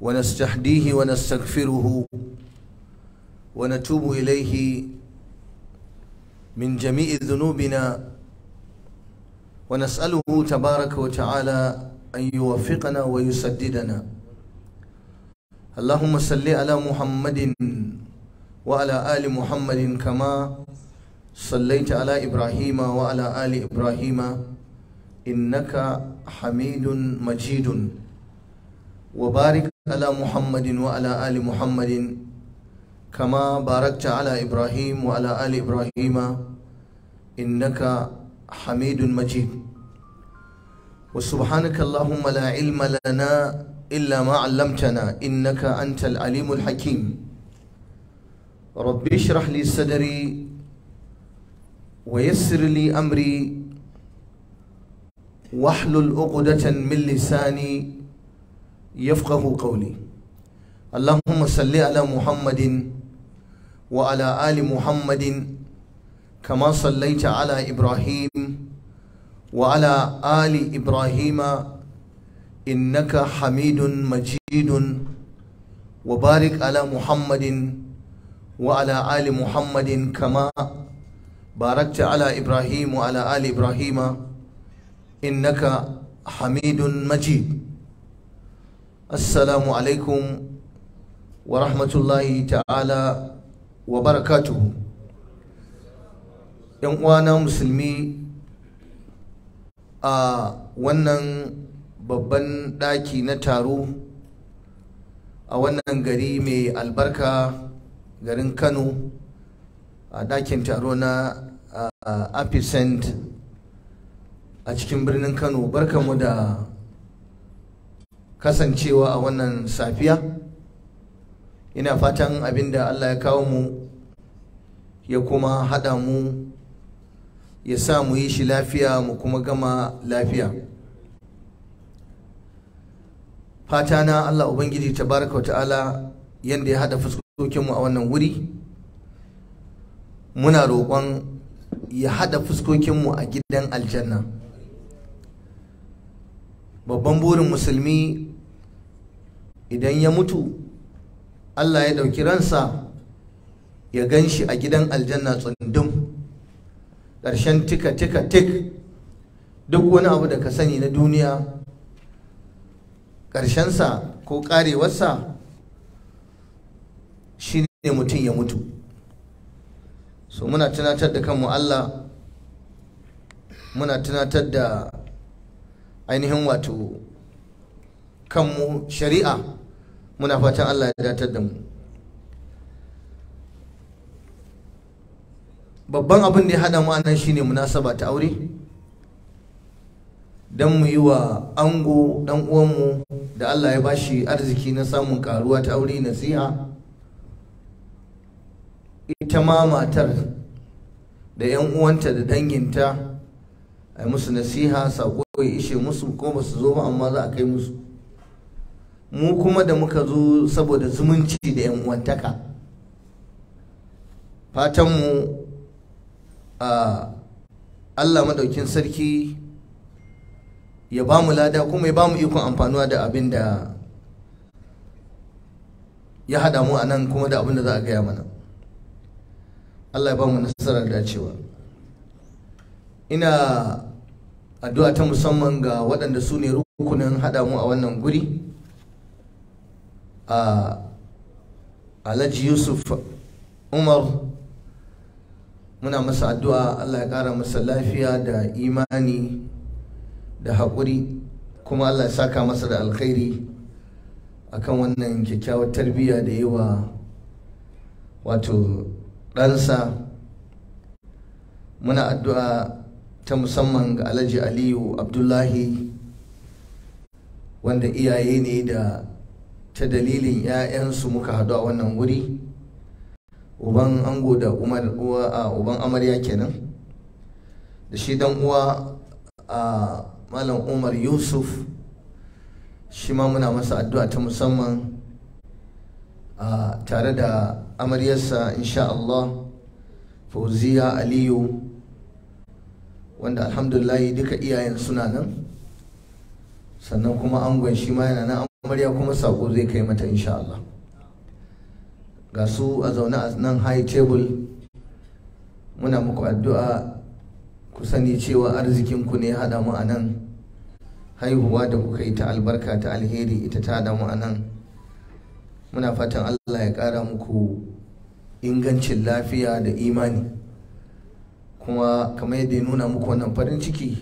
ونستحديه ونستغفره ونتوب إليه من جميع ذنوبنا ونسأله تبارك وتعالى أن يوفقنا ويسددنا اللهم صل على محمد وعلى آل محمد كما صليت على إبراهيم وعلى آل إبراهيم إنك حميد مجيد وبارك على محمد وعلى آل محمد كما باركت على إبراهيم وعلى آل إبراهيم إنك حميد مجيد وسبحانك اللهم لا علم لنا إلا ما علمتنا إنك أنت العليم الحكيم ربي اشرح لي صدري ويسر لي أمري واحلل عقدة من لساني يفقه قولي اللهم صل على محمد وعلى آل محمد كما صليت على إبراهيم وعلى آل إبراهيم إنك حميد مجيد وبارك على محمد وعلى آل محمد كما باركت على إبراهيم وعلى آل إبراهيم إنك حميد مجيد assalamu alaikum wa rahmatullahi ta'ala wa barakatuhu yan uwana musulmi a wannan babban ɗaki na taro a wannan gari mai albarka garin kano a ɗakin taro na apicent a cikin birnin kano barkamu da kasancewa a wannan safiya ina fatan abinda Allah ya kawo mu ya kuma haɗa mu ya sa mu yi shi lafiya mu kuma gama lafiya fata na Allah Ubangiji tabaraka ta'ala yadda ya haɗa fuskokinmu a wannan wuri muna roƙon ya haɗa fuskokinmu a gidan aljanna babban burin musulmi idan ya mutu Allah ya ɗauki ransa ya gan shi a gidan aljanna tsundum ƙarshen tika tika tik duk wani abu da ka sani na duniya ƙarshensa ko ƙarewarsa shi ne mutum ya mutu so muna tunatar da kanmu Allah muna tunatar da ainihin wato kanmu shari'a muna fatan Allah ya datar da mu babban abin da ya haɗa mu anan shine munasaba ta aure don mu yi wa ango dan uwanmu da Allah ya bashi arziki na samun karuwa ta aure nasiha ita ma matar da yan uwanta da danginta a musu nasiha sako ya ishe musu kuma ba su zo ba amma za a kai musu mu kuma da muka zo saboda zumunci da 'yan uwantaka fatanmu a allah madaukin sarki ya ba mu lada kuma ya ba mu ikon amfanuwa da abin da ya haɗa mu a nan kuma da abin da za a gaya mana allah ya ba mu nasarar dacewa ina addu'a ta musamman ga waɗanda su ne rukunin haɗa mu a wannan guri a alhaji yusuf umar muna masa addu'a allah ya ƙara masa lafiya da imani da haƙuri kuma allah ya saka masa da alkhairi akan wannan kyakkyawar tarbiyya da yawa, wato ɗansa muna addu'a ta musamman ga alhaji aliyu abdullahi wanda iyaye ne da ta dalilin 'ya'yansu muka haɗu a wannan wuri uban ango da umar uwa a uban amarya kenan da shi dan uwa a malam umar yusuf shi ma muna masa addu'a ta musamman a tare da amaryarsa insha Allah fauziya aliyu wanda alhamdulillahi duka iyayen suna nan sannan kuma angon shi ma yana nan amarya kuma sako zai kai mata insha Allah ga su a zaune a nan high table muna muku addu'a ku sani cewa arzikinku ne haɗa mu a nan haihuwa da kuka yi ta albarka ta alheri ita ta haɗa mu a nan muna fatan Allah ya ƙara muku ingancin lafiya da imani kuma kamar yadda ya nuna muku wannan farin ciki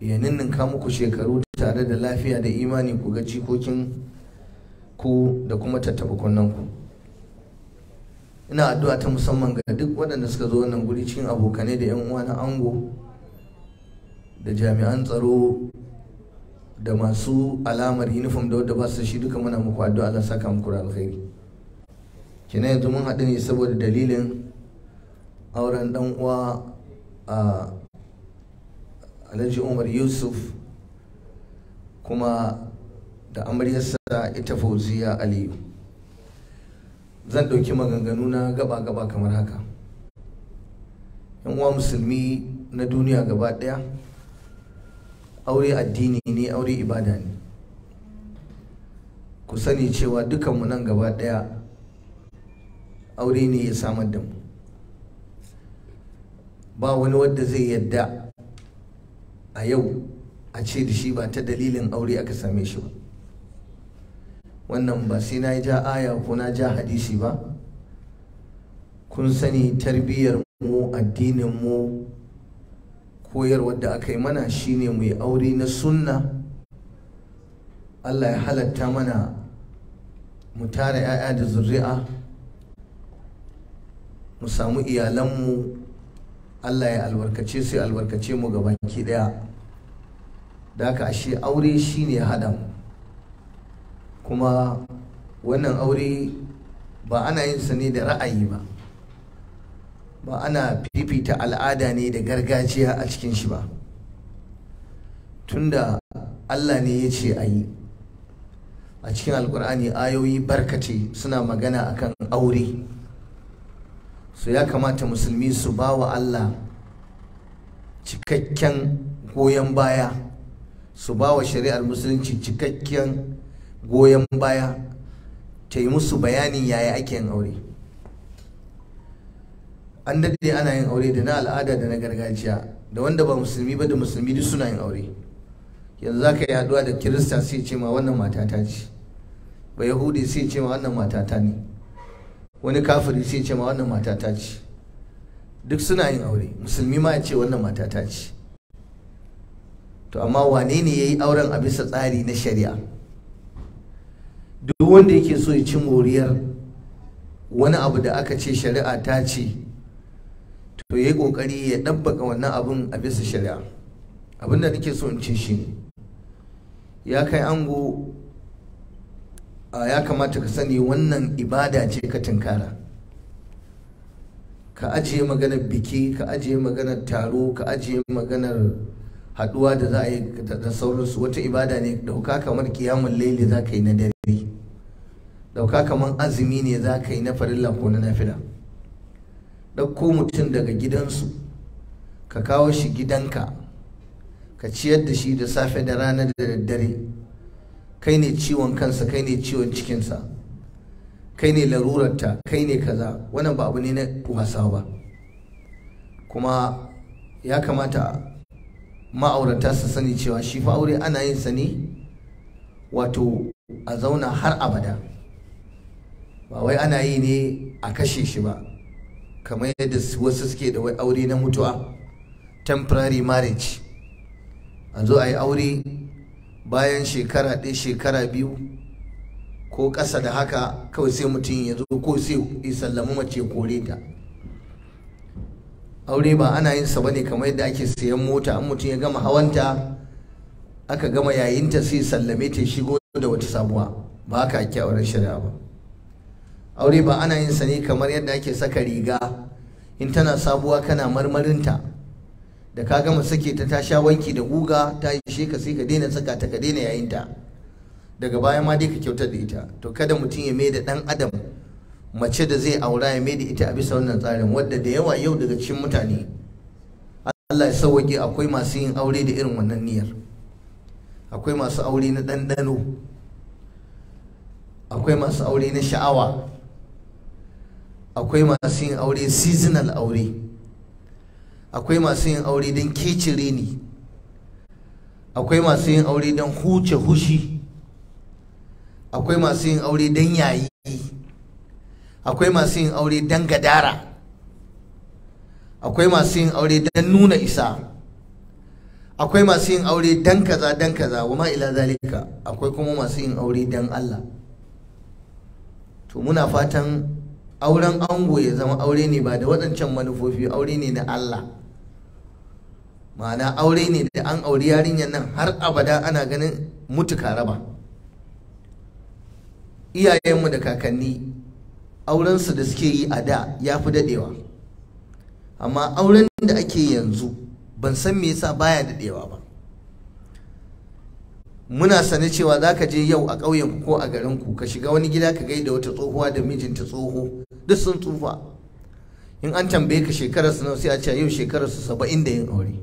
ya ninninka muku shekaru tare da lafiya da imani ku ga cikokin ku da kuma tattaba kunnen ku ina addu'a ta musamman ga duk waɗanda suka zo wannan guri cikin abokanai da yan uwa na ango da jami'an tsaro da masu alamar uniform da wadda ba su shi duka muna muku addu'a Allah saka muku alkhairi kina yanzu mun haɗu ne saboda dalilin auren dan uwa a ah, Alhaji Umar Yusuf kuma da amaryarsa ita fauziya aliyu zan ɗauki maganganu na gaba-gaba kamar haka yan uwa musulmi na duniya gaba ɗaya aure addini ne aure ibada ne ku sani cewa dukanmu nan gaba ɗaya aure ne ya samar da mu ba wani wadda zai yadda a yau a ce da shi ba ta dalilin aure aka same shi ba wannan ba sai na ja aya ko na ja hadisi ba kun sani tarbiyyar mu addinin mu koyarwar da aka yi mana shine mu yi aure na sunna Allah ya halatta mana mu tara 'ya'ya da zuri'a mu samu iyalanmu Allah ya albarkace su ya albarkace mu baki ɗaya da haka ashe aure shine ya haɗa kuma wannan aure ba ana yin sa ne da ra'ayi ba ba ana fifita al'ada ne da gargajiya a cikin shi ba tunda Allah ne ya ce a yi a cikin alkur'ani ayoyi barkace suna magana akan aure su ya kamata musulmi su ba wa Allah cikakken goyon baya su ba wa shari'ar musulunci cikakken goyon baya ta yi musu bayanin yaya ake yin aure an daɗe ana yin aure da na al'ada da na gargajiya da wanda ba musulmi ba da musulmi duk suna yin aure yanzu za ka yi haɗuwa da kirista sai ce ma wannan matata ce ba yahudi sai ce ma wannan matata ne wani kafiri sai ce ma wannan matata ce duk suna yin aure musulmi ma ya ce wannan matata ce to amma wane ne ya yi auren a bisa tsari na shari'a duk wanda yake so ya ci moriyar wani abu da aka ce shari'a ta ce to ya yi ƙoƙari ya ɗabbaka wannan abin a bisa shari'a abin da nake so in ce shi ne ya kai ango ya kamata ka sani wannan ibada ce ka tunkara ka ajiye maganar biki ka ajiye maganar taro ka ajiye maganar haɗuwa da za a yi da sauransu wata ibada ne dauka kamar kiyamun laili za ka yi na dare dauka kamar azumi ne za ka yi na farilla ko na nafila ɗauko mutum daga gidansu ka kawo shi gidanka ka ciyar da shi da safe da rana da daddare kai ne ciwon kansa kai ne ciwon cikinsa kai ne larurarta kai ne kaza wannan ba abu ne na wasa ba kuma ya kamata ma'aurata su sani cewa shi fa aure ana yin sa ne wato a zauna har abada ba wai ana yi ne a kashe shi ba kamar yadda wasu suke da wai aure na mutuwa temporary marriage a zo a yi aure bayan shekara ɗaya shekara biyu ko ƙasa da haka kawai sai mutum ya zo ko sai ya sallama mace kore ta aure ba ana yin sa bane kamar yadda ake sayan mota an mutum ya gama hawanta aka gama yayinta sai sallame ta shigo da wata sabuwa ba haka ake auren shari'a ba aure ba ana yin sa ne kamar yadda ake saka riga in tana sabuwa kana marmarinta da ka gama sake ta ta sha wanki da guga ta ishe ka sai ka daina saka ta ka daina yayinta daga baya ma dai ka kyautar da ita to kada mutum ya mai da dan adam mace da zai aura ya mai da ita a bisa wannan tsarin wadda da yawa yau daga cikin mutane Allah ya sauwaƙe akwai masu yin aure da irin wannan niyyar akwai masu aure na ɗanɗano akwai masu aure na sha'awa akwai masu yin aure seasonal aure akwai masu yin aure don kece reni. akwai masu yin aure don huce hushi akwai masu yin aure don yayi akwai masu yin aure don gadara akwai masu yin aure don nuna isa akwai masu yin aure don kaza don kaza wa ila zalika akwai kuma masu yin aure don Allah to muna fatan auren ango ya zama aure ne ba da waɗancan manufofi aure ne na Allah ma'ana aure ne da an auri yarinyar nan har abada ana ganin mutu raba iyayenmu da kakanni aurensu da suke yi a da ya fi daɗewa amma auren da ake yanzu ban san me yasa baya daɗewa ba muna sane cewa za ka je yau a ƙauyenku ko a garinku ka shiga wani gida ka gaida wata tsohuwa da mijinta tsoho duk sun tsufa in an tambaye ka shekarar su sai a ce yau shekarar su saba'in da yin aure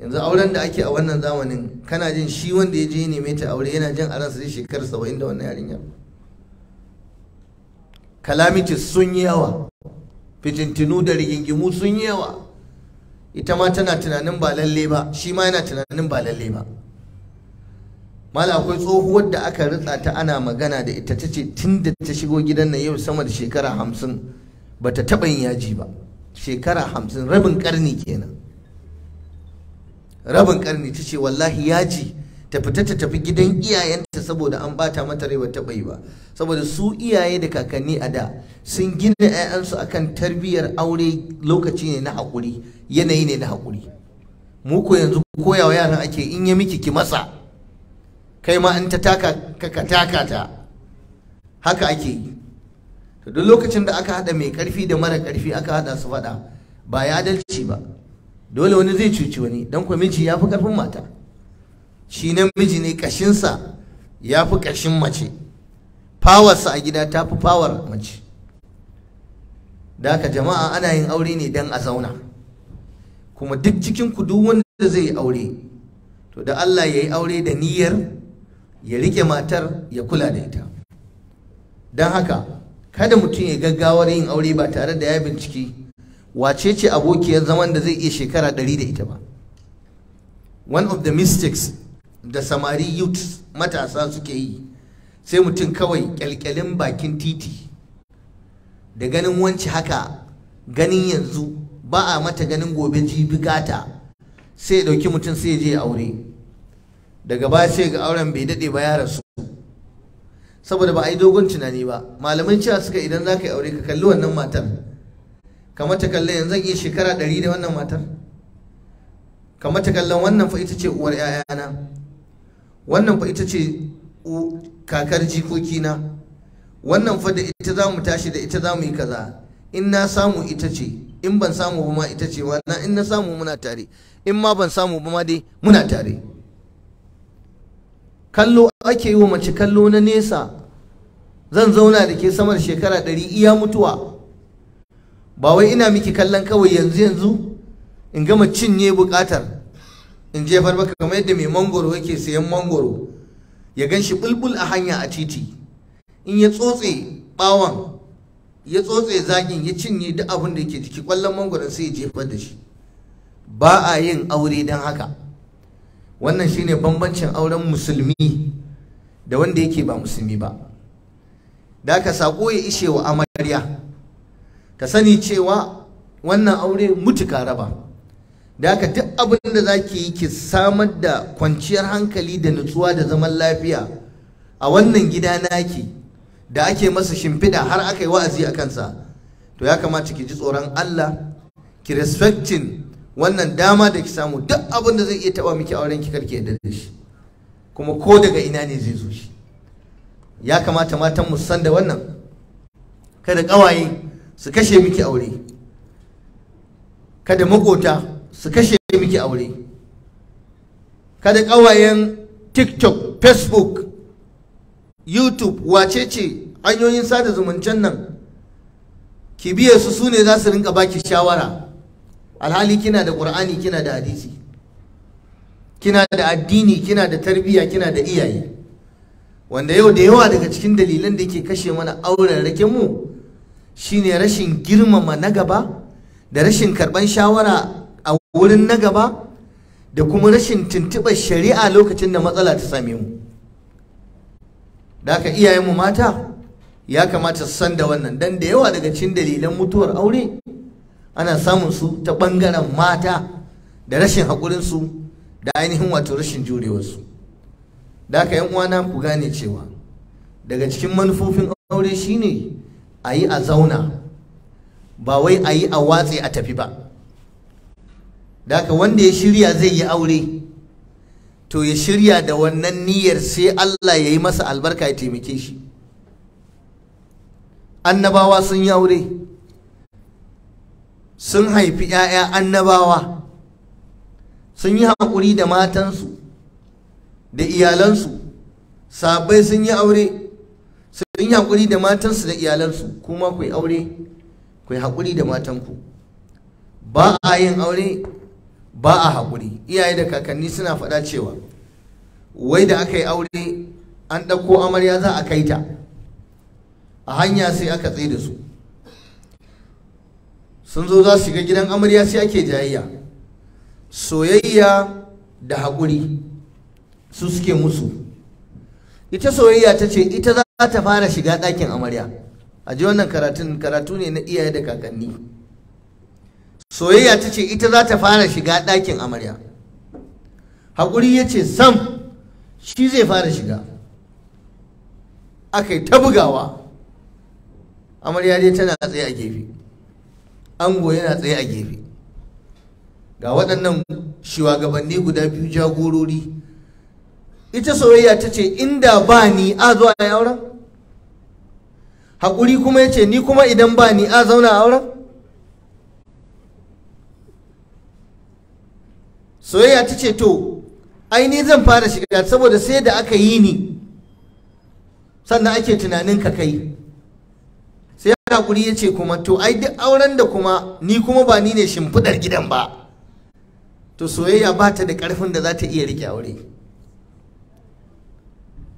yanzu auren da ake a wannan zamanin kana jin shi wanda ya je neme ta aure yana jin a ransa zai shekarar saba'in da wannan yarinyar calamities sun yi yawa fitintinu da rigingimu sun yi yawa ita ma tana tunanin ba lalle ba shi ma yana tunanin ba lalle ba mala akwai tsohuwar da aka ritsa ta ana magana da ita ta ce tun da ta shigo gidan nan yau sama da shekara hamsin ba ta taɓa yin yaji ba shekara hamsin rabin karni kenan rabin ƙarni ta ce wallahi yaji ta fita ta tafi gidan iyayenta saboda an bata mata rai bata bai ba saboda su iyaye da kakanni a da sun gina 'ya'yansu akan tarbiyyar aure lokaci ne na haƙuri yanayi ne na haƙuri mu ko yanzu koyawa yaran ake in ya miki ki matsa kai ma in ta taka ka taka ta haka ake to duk lokacin da aka hada mai karfi da mara karfi aka hada su faɗa ba ya adalci ba dole wani zai cuci wani dan kwamici ya fi karfin mata shi miji ne kashinsa ya fi kashin mace fawarsa a gida ta fi fawar mace da jama'a ana yin aure ne don a zauna kuma duk cikin ku duk wanda zai aure to da Allah ya yi aure da niyyar ya rike matar ya kula da ita don haka kada mutum ya gaggawar yin aure ba tare da ya binciki wace ce abokiyar zaman da zai iya shekara ɗari da ita ba one of the mistakes da samari youths matasa suke yi sai mutum kawai kyalkyalin bakin titi da ganin wanci haka ganin yanzu ba a mata ganin gobe ji bukata sai ya ɗauki mutum sai je aure daga baya sai ga auren bai dade ba ya rasu saboda ba a yi dogon tunani ba malamai cewa suka idan za ka yi aure ka kalli wannan matar kamar ta kallon yanzu iya shekara ɗari da wannan matar kamar ta kallon wannan fa ita ce uwar 'ya'yana wannan fa ita ce kakar jikoki na wannan fa da ita za mu tashi da ita za mu yi kaza in na samu ita ce in ban samu ba ma ita ce wannan in na samu muna tare in ma ban samu ba ma dai muna tare kallo ake yi wa mace kallo na nesa zan zauna da ke samar shekara ɗari iya mutuwa ba wai ina miki kallon kawai yanzu yanzu in gama cinye buƙatar in jefar baka kamar yadda mai mangoro yake sayan mangoro ya gan shi bulbul a hanya a titi in ya tsotse bawon ya tsotse zagin ya cinye duk abin da yake jiki kwallon mangoron sai ya jefar da shi ba a yin aure don haka wannan shine bambancin auren musulmi da wanda yake ba musulmi ba da ka sako ya ishe wa amarya ka sani cewa wannan aure mutuka raba da haka duk abin da za ki yi ki samar da kwanciyar hankali da nutsuwa da zaman lafiya a wannan gida naki da ake masa shimfiɗa har aka yi wa'azi a kansa to ya kamata ki ji tsoron Allah ki respecting wannan dama da ki samu duk abin da zai iya taɓa miki auren ki karki yadda da shi kuma ko daga ina ne zai zo shi ya kamata matan mu san da wannan kada ƙawaye su kashe miki aure kada makota su kashe miki aure kada kawayen tiktok facebook youtube wace ce hanyoyin sada zumuncen nan ki biya su sune ne za su rinka baki shawara alhali kina da ƙur'ani kina da hadisi kina da addini kina da tarbiyya kina da iyaye wanda yau da yawa daga cikin dalilan da ke kashe mana auren rake mu shine rashin girmama na gaba da rashin karban shawara wurin na gaba da kuma rashin tuntuɓar shari'a lokacin da matsala ta same mu da haka mu mata ya kamata su san da wannan dan da yawa daga cikin dalilan mutuwar aure ana samun su ta ɓangaren mata da rashin haƙurinsu da ainihin wato rashin jurewarsu da aka yan uwana ku gane cewa daga cikin manufofin aure shine a yi a zauna ba wai a yi a watse a tafi ba Daka wanda ya shirya zai yi aure to ya shirya da wannan niyyar sai Allah ya yi masa albarka ya taimake shi annabawa sun yi aure sun haifi 'ya'ya annabawa sun yi haƙuri da matansu da iyalansu sabai sun yi aure sun yi haƙuri da matansu da iyalansu kuma ku yi aure ku yi haƙuri da matanku ba a yin aure ba a haƙuri iyaye da kakanni suna faɗa cewa wai da aka yi aure an ɗauko amarya za a kai ta a hanya sai aka tsaye da su sun zo za su shiga gidan amarya sai ake jayayya soyayya da haƙuri su suke musu ita soyayya ta ce ita za ta fara shiga ɗakin amarya a ji wannan karatun karatu ne na iyaye da kakanni soyayya ta ce ita za ta fara shiga ɗakin amarya haƙuri ya ce sam shi zai fara shiga aka yi ta bugawa amarya dai tana tsaye a gefe ango yana tsaye a gefe ga waɗannan shugabanni guda biyu jagorori ita soyayya ta ce inda ba ni a zuwa a auren haƙuri kuma ya ce ni kuma idan ba ni a zauna auren soyayya ta ce to ai ni zan fara shiga saboda sai da aka yi ni sannan ake tunanin ka kai sai hakuri ya ce kuma to ai duk auren da kuma ni kuma ba ni ne shimfiɗar gidan ba to soyayya ba ta da ƙarfin da za ta iya riƙe aure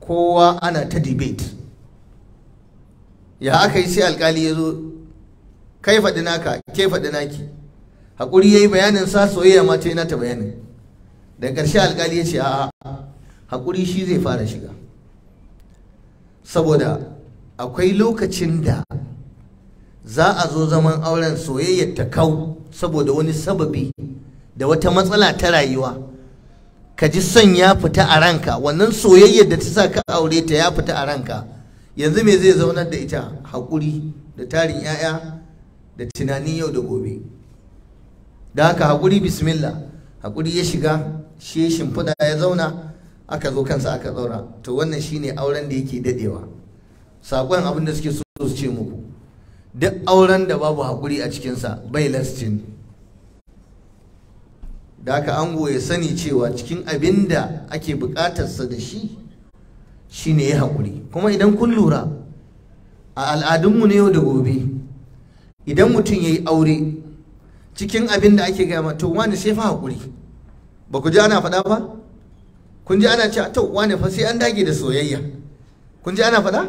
kowa ana ta debate ya aka yi sai alkali ya zo kai faɗi naka ke faɗi naki hakuri ya yi bayanin sa soyayya ma ta yi nata bayanin da ƙarshe alƙali ya ce a'a hakuri shi zai fara shiga saboda akwai lokacin da za a zo zaman auren soyayyar ta kau saboda wani sababi da wata matsala ta rayuwa ka ji son ya fita a ranka wannan soyayyar da ta sa ka aure ta ya fita a ranka yanzu me zai zaunar da ita hakuri da tarin 'ya'ya da tunanin yau da gobe da haka haƙuri bismillah haƙuri ya shiga shi shimfiɗa ya zauna aka zo kansa aka zaura to wannan shine auren da yake dadewa saƙon abin da suke so su ce muku duk auren da babu haƙuri a cikinsa bai lastin da haka ango ya sani cewa cikin abin da ake buƙatarsa da shi shine ya haƙuri kuma idan kun lura a al'adunmu na yau da gobe idan mutum ya yi aure cikin abin da ake gaya to wani sai fa hakuri ba ku ji ana faɗa ba kun ji ana cewa to wani fa sai an dage da soyayya kun ji ana faɗa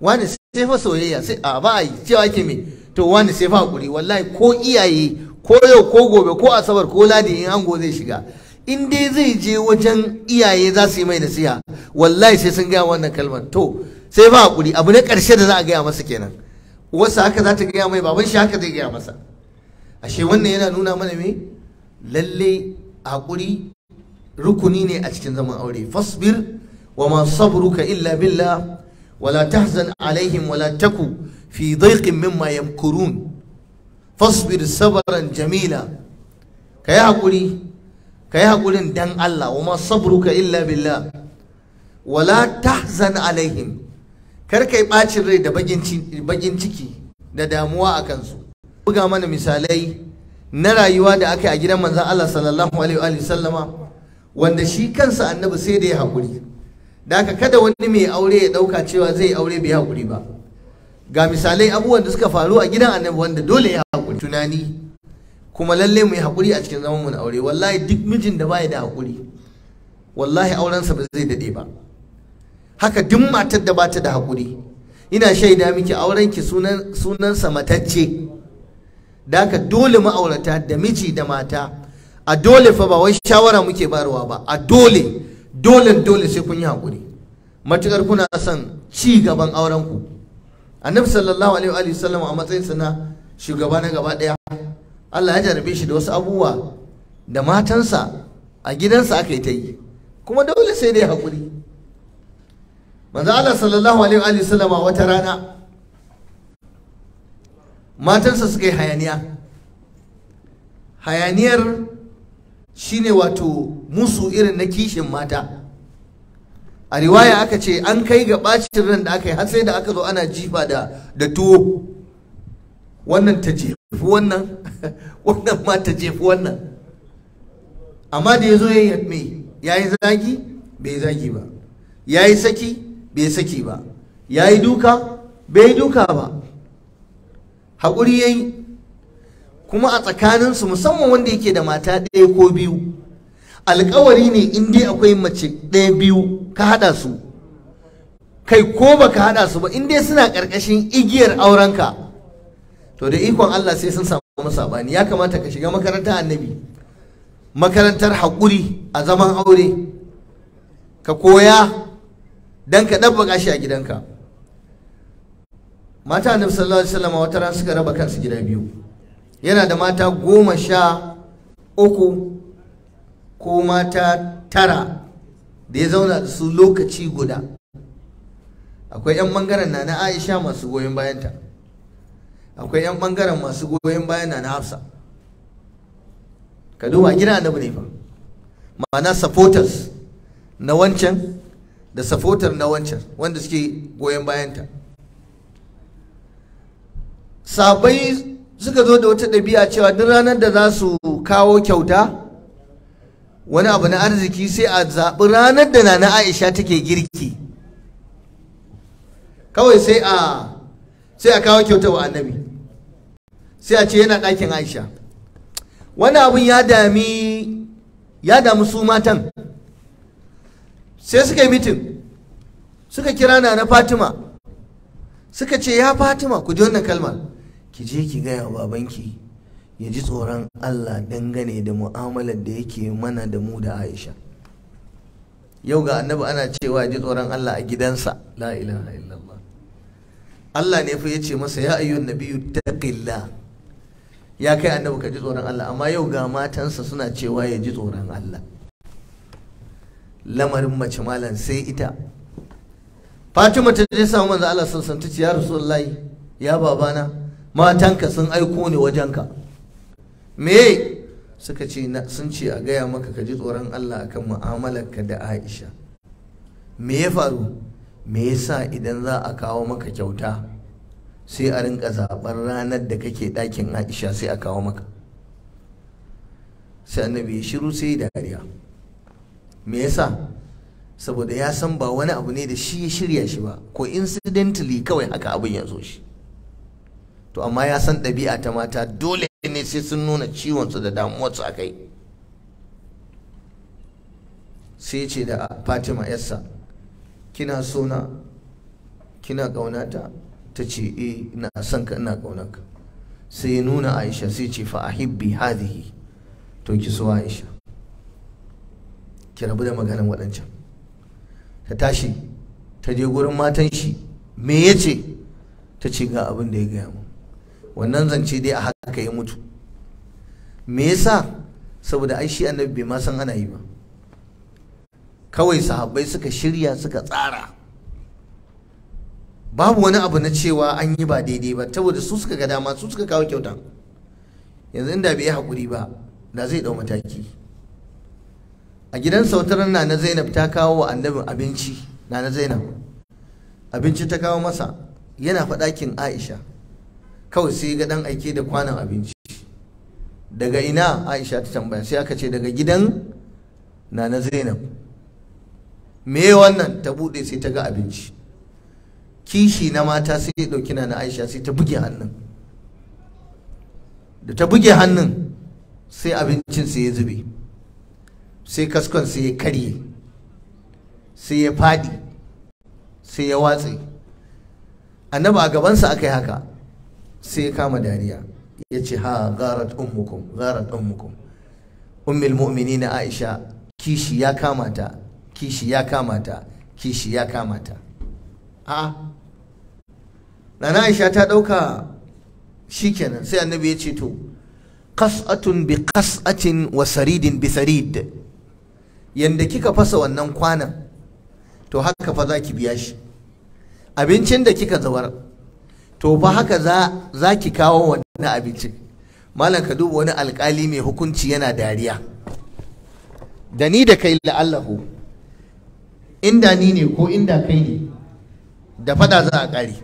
wani sai fa soyayya sai a ba yi cewa ke me to wani sai fa hakuri wallahi ko iyaye ko yau ko gobe ko asabar ko ladi in ango zai shiga in dai zai je wajen iyaye za su yi mai nasiha wallahi sai sun gaya wannan kalmar to sai fa hakuri abu na ƙarshe da za a gaya masa kenan wasu haka za ta gaya mai baban shi haka zai gaya masa ashe wannan yana nuna mana me lalle hakuri rukuni ne a cikin zaman aure fasbir wa ma sabruka illa billah wala tahzan alaihim wala taku fi dhayqin mimma yamkurun fasbir sabran jamila kayi hakuri kayi hakurin dan Allah wa ma sabruka illa billah wala tahzan alaihim kar kai bacin rai da bakin ciki da damuwa akan su buga mana misalai na rayuwa da aka yi a gidan manzan Allah sallallahu alaihi sallama wanda shi kansa annabi sai da ya hakuri, da aka kada wani mai aure ya ɗauka cewa zai aure bai haƙuri ba ga misalai abubuwan da suka faru a gidan annabi wanda dole ya haƙuri tunani kuma lalle mu yi haƙuri a cikin zaman mu na aure wallahi duk mijin da baya da haƙuri wallahi aurensa ba zai daɗe ba haka duk matar da bata da hakuri, ina shaida miki aurenki sunan sunansa matacce Da daka dole ma'aurata da miji da mata a dole fa ba wai shawara muke barwa ba a dole dole dole sai kun yi hakuri matukar kuna son ci gaban auren ku annabi sallallahu alaihi wa sallam a matsayin sa na shugaba na gaba daya Allah ya jarabe shi da wasu abubuwa da matansa a gidansa aka yi ta yi kuma dole sai dai hakuri manzo Allah sallallahu alaihi wa sallam wata rana matansa suka yi hayaniya hayaniyar shine wato musu irin na kishin mata a riwaya aka ce an kai ga bacin ran da aka yi har sai da aka zo ana jifa da tuwo wannan ta jefi wannan wannan ma ta jefi wannan amma da yazo zo ya yayi zagi bai zagi ba ya saki bai saki ba yayi duka bai duka ba haƙuri ya yi kuma a tsakaninsu musamman wanda yake da mata ɗaya ko biyu alkawari ne in akwai mace ɗaya biyu ka haɗa su kai ko ba ka haɗa su ba in dai suna ƙarƙashin igiyar aurenka to da ikon Allah sai sun samu sabani. ya kamata ka shiga makarantar annabi makarantar haƙuri a zaman aure ka koya don ka ɗabbaka shi a gidanka mata annabi sallallahu alaihi wasallam wata ran suka raba kansu gida biyu yana da mata goma sha uku ko mata tara da ya zauna da su lokaci guda akwai 'yan bangaren na na aisha masu goyon bayanta akwai 'yan bangaren masu goyon bayan na na hafsa ka duba gina annabi ne fa ma'ana supporters na wancan da supporter na wancan wanda suke goyon bayanta sabai suka zo da wata ɗabi'a cewa duk ranar da za su kawo kyauta wani abu na arziki sai a zaɓi ranar da nana aisha take girki kawai sai a sai a kawo kyauta wa annabi sai a ce yana ɗakin aisha wani abun ya dami ya damu su matan sai suka yi mitin suka kira na na fatima suka ce ya fatima ku ji wannan kalmar ki je ki gaya wa babanki ya ji tsoron Allah dangane da mu'amalar da yake mana da mu da Aisha yau ga annabi ana cewa ya ji tsoron Allah a gidansa la ilaha illallah Allah ne fa yace masa ya ayyuhan nabiyyu taqilla ya kai annabi ka ji tsoron Allah amma yau ga matansa suna cewa ya ji tsoron Allah lamarin mace malam sai ita Fatima ta je samu manzo Allah sun ta ce ya Rasulullahi ya babana matanka sun aiko ne wajenka me suka ce sun ce a gaya maka ka ji tsoron Allah akan mu'amalarka da Aisha me ya faru me yasa idan za a kawo maka kyauta sai a rinka zaɓar ranar da kake ɗakin Aisha sai a kawo maka sai annabi ya shiru sai da dariya me yasa saboda ya san ba wani abu ne da shi ya shirya shi ba ko incidentally kawai haka abin ya zo shi to amma ya san ɗabi'a ta mata dole ne sai sun nuna ciwonsu da damuwarsu a kai sai ce da fatima yassa kina sona kina ƙaunata ta ce e ina son ka ina sai ya nuna aisha sai ce fa ahibbi hadhihi to ki so aisha ki rabu da maganan waɗancan ta tashi ta je gurin matan shi me ya ce ta ce ga abin da ya gaya mu wannan zance dai a haka ya mutu me yasa saboda ai shi annabi bai ma san ana yi ba kawai sahabbai suka shirya suka tsara babu wani abu na cewa an yi ba daidai ba saboda su suka ga dama su suka kawo kyauta yanzu inda bai yi haƙuri ba da zai dau mataki a gidan sautaran na na zainab ta kawo wa annabin abinci na na zainab abinci ta kawo masa yana faɗakin aisha kawai sai ga dan aike da kwanan abinci daga ina aisha ta tambaya sai aka ce daga gidan na zainab me wannan ta bude sai ta ga abinci kishi na mata sai ya dauki na aisha sai ta buge hannun da ta buge hannun sai abincin sai ya zube sai kaskon sai ya karye sai ya fadi sai ya watse annabi a gabansa aka yi haka sai ya kama dariya ya ce ha gharat ummukum gharat ummukum ummul mu'minina aisha kishi ya kama ta kishi ya kama ta kishi ya kama ta a nana aisha ta dauka shikenan sai annabi ya ce to qas'atun bi qas'atin wa saridin bi sarid yanda kika fasa wannan kwanan to haka fa za ki biya shi abincin da kika zawar to fa haka za ki kawo wannan abincin malam ka duba wani alkali mai hukunci yana dariya da ni da kai la'allahu inda ni ne ko inda kai ne da fada za a kare.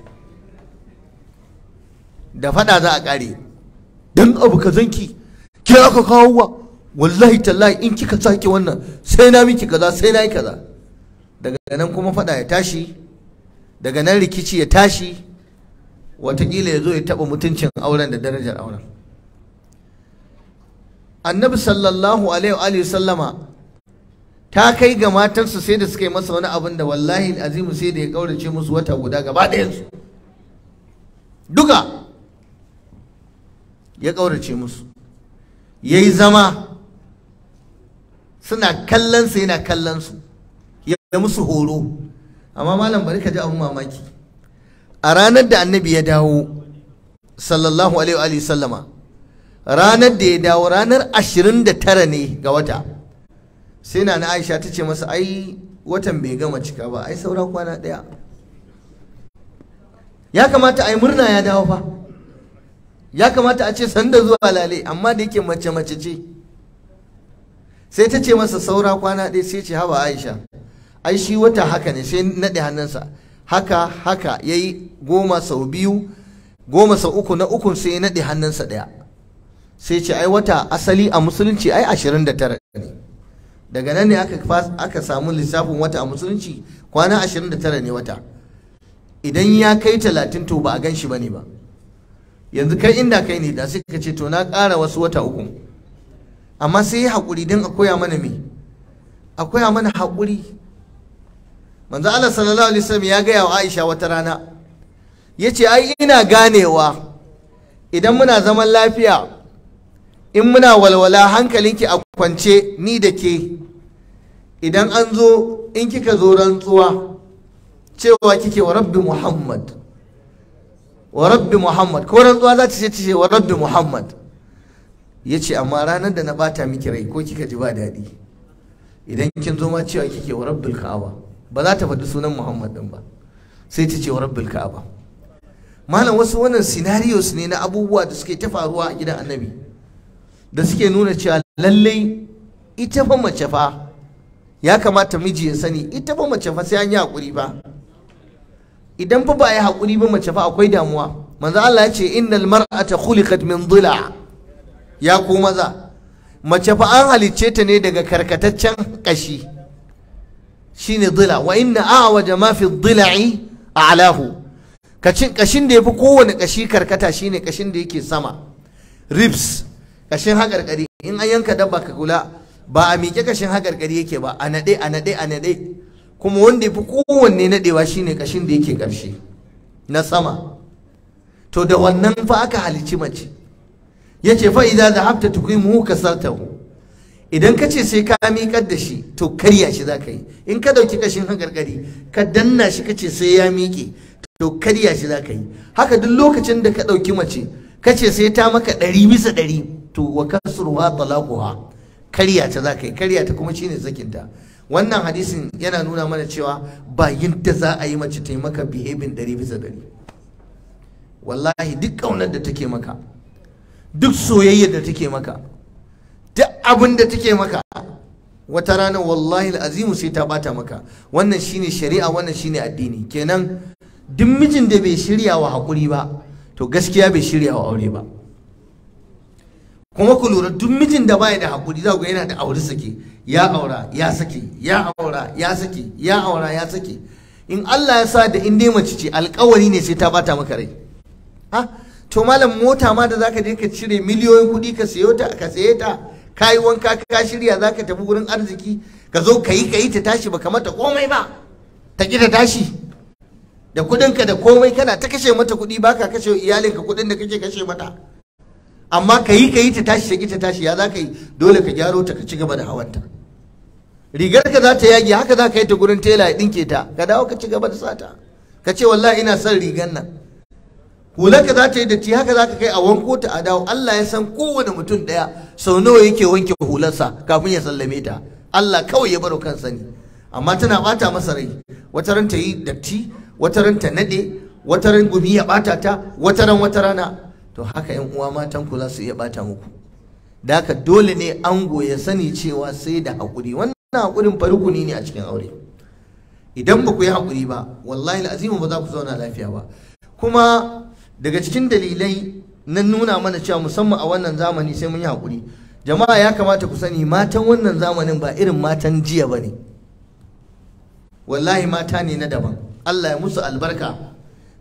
da fada za a kare. don abu ka zanki ke aka kawo wa wallahi tallahi in kika sake wannan sai na miki kaza sai na yi kaza daga nan kuma fada ya tashi daga nan rikici ya tashi watakila ya zo ya taɓa mutuncin auren da darajar auren annabi sallallahu alaihi wa sallama ta kai ga matarsa sai da suka yi masa wani abin da wallahi azimu sai da ya kaurace musu wata guda gaba ɗayansu duka ya kaurace musu ya yi zama suna kallonsa yana kallonsu ya musu horo amma malam bari ka ji abin mamaki a ranar da annabi ya dawo sallallahu alaihi wa sallama ranar da ya dawo ranar 29 ne ga wata sai na aisha ta ce masa ai watan bai gama cika ba ai saura kwana ɗaya ya kamata ai murna ya dawo fa ya kamata a ce sanda zuwa lale amma da yake mace mace ce sai ta ce masa saura kwana ɗaya sai ce haba aisha ai shi wata haka ne sai naɗe hannunsa haka haka ya yi goma sau biyu goma sau uku na ukun sai ya naɗe hannunsa ɗaya sai ce ai wata asali a musulunci ai ashirin da tara ne daga nan ne aka samu lissafin wata a musulunci kwana ashirin da tara ne wata idan ya kai talatin to ba a gan shi ba ne ba yanzu kai inda kai ne da suka ka ce to na ƙara wasu wata uku amma sai ya haƙuri don a koya mana me a koya mana haƙuri manzo Allah sallallahu alaihi wasallam ya gaya wa Aisha wata rana yace ai ina ganewa idan muna zaman lafiya in muna walwala hankalinki a kwance ni da ke idan an zo in kika zo rantsuwa cewa kike wa rabbi muhammad wa rabbi muhammad ko rantsuwa za ta ce ce wa rabbi muhammad ya ce amma ranar da na bata miki rai ko kika ji ba daɗi idan kin zo ma cewa kike wa Rabbi ka'aba ba za ta faɗi sunan muhammad din ba sai ta ce wa rabbil ka'aba malam wasu wannan scenarios ne na abubuwa da suke ta faruwa a gidan annabi da suke nuna cewa lallai ita fa mace fa ya kamata miji ya sani ita fa mace fa sai an yi hakuri ba idan fa ba yi hakuri ba mace fa akwai damuwa manzo Allah ya ce innal mar'ata khuliqat min dhila ya ku maza mace fa an halicce ta ne daga karkataccen kashi Shi ne dila wa inna awaja ma fi dila'i a'lahu kashin da ya fi kowane kashi karkata shi ne kashin da yake sama ribs kashin haƙarƙari. in an yanka dabba ka kula ba a miƙe kashin haƙarƙari yake ba a naɗe a naɗe a naɗe kuma wanda ya fi kowanne naɗewa ne kashin da yake ƙarshe na sama to da wannan fa aka halicci mace Ya yace fa idza dhahabta tuqimuhu kasartahu idan ka ce sai ka miƙar da shi to karya shi za ka yi in ka ɗauki ƙashin hakarkari ka danna shi ka ce sai ya miƙe to karya shi za ka yi haka duk lokacin da ka ɗauki mace ka ce sai ta maka ɗari bisa ɗari to wa kasurwa talaquha karya ta za ka yi karya ta kuma shine zakinta. wannan hadisin yana nuna mana cewa ba yinta za a yi mace ta yi maka behaving ɗari bisa ɗari wallahi duk ƙaunar da take maka duk soyayyar da take maka duk abin da take maka wata rana wallahi azimu sai ta bata maka wannan shine shari'a wannan shine addini kenan duk mijin da bai shirya wa hakuri ba to gaskiya bai shirya wa aure ba kuma ku lura duk mijin da baya da hakuri za ku yana da aure sake ya aura ya sake ya aura ya sake ya aura ya sake in Allah ya sa da in dai mace ce alƙawari ne sai ta bata maka rai ha to malam mota ma da zaka je ka cire miliyoyin kuɗi ka sayo ta ka saye ta ka yi wanka ka shirya za ka tafi wurin arziki ka zo ka yi ka yi ta tashi ba mata komai ba ta ki ta tashi da kudinka da komai kana ta kashe mata kudi ba ka kashe iyalinka kudin da kake kashe mata amma ka yi ka yi ta tashi ta ki ta tashi ya za ka yi dole ka gyaro ta ka ci gaba da hawanta rigar ka za ta yage haka za ka yi ta gurin tela ya dinke ta ka dawo ka ci gaba da sata ka ce wallahi ina son rigar nan ka za ta yi datti haka za ka kai a wanko ta a dawo Allah ya san kowane mutum ɗaya sau nawa yake wanke hularsa kafin ya sallame ta Allah kawai ya baro kan sani. amma tana bata masa rai wata ran ta yi datti wata ran ta nade wata ran gumi ya bata ta wata ran wata rana to haka yan uwa matan ku za su iya bata muku da haka dole ne ango ya sani cewa sai da hakuri wannan hakurin farukuni ne a cikin aure idan ba ku yi hakuri ba wallahi al'azimu ba za ku zauna lafiya ba kuma daga cikin dalilai na nuna mana cewa musamman a wannan zamani sai mun yi hakuri, jama'a ya kamata ku sani matan wannan zamanin ba irin matan jiya ba ne wallahi mata ne na daban allah ya musu albarka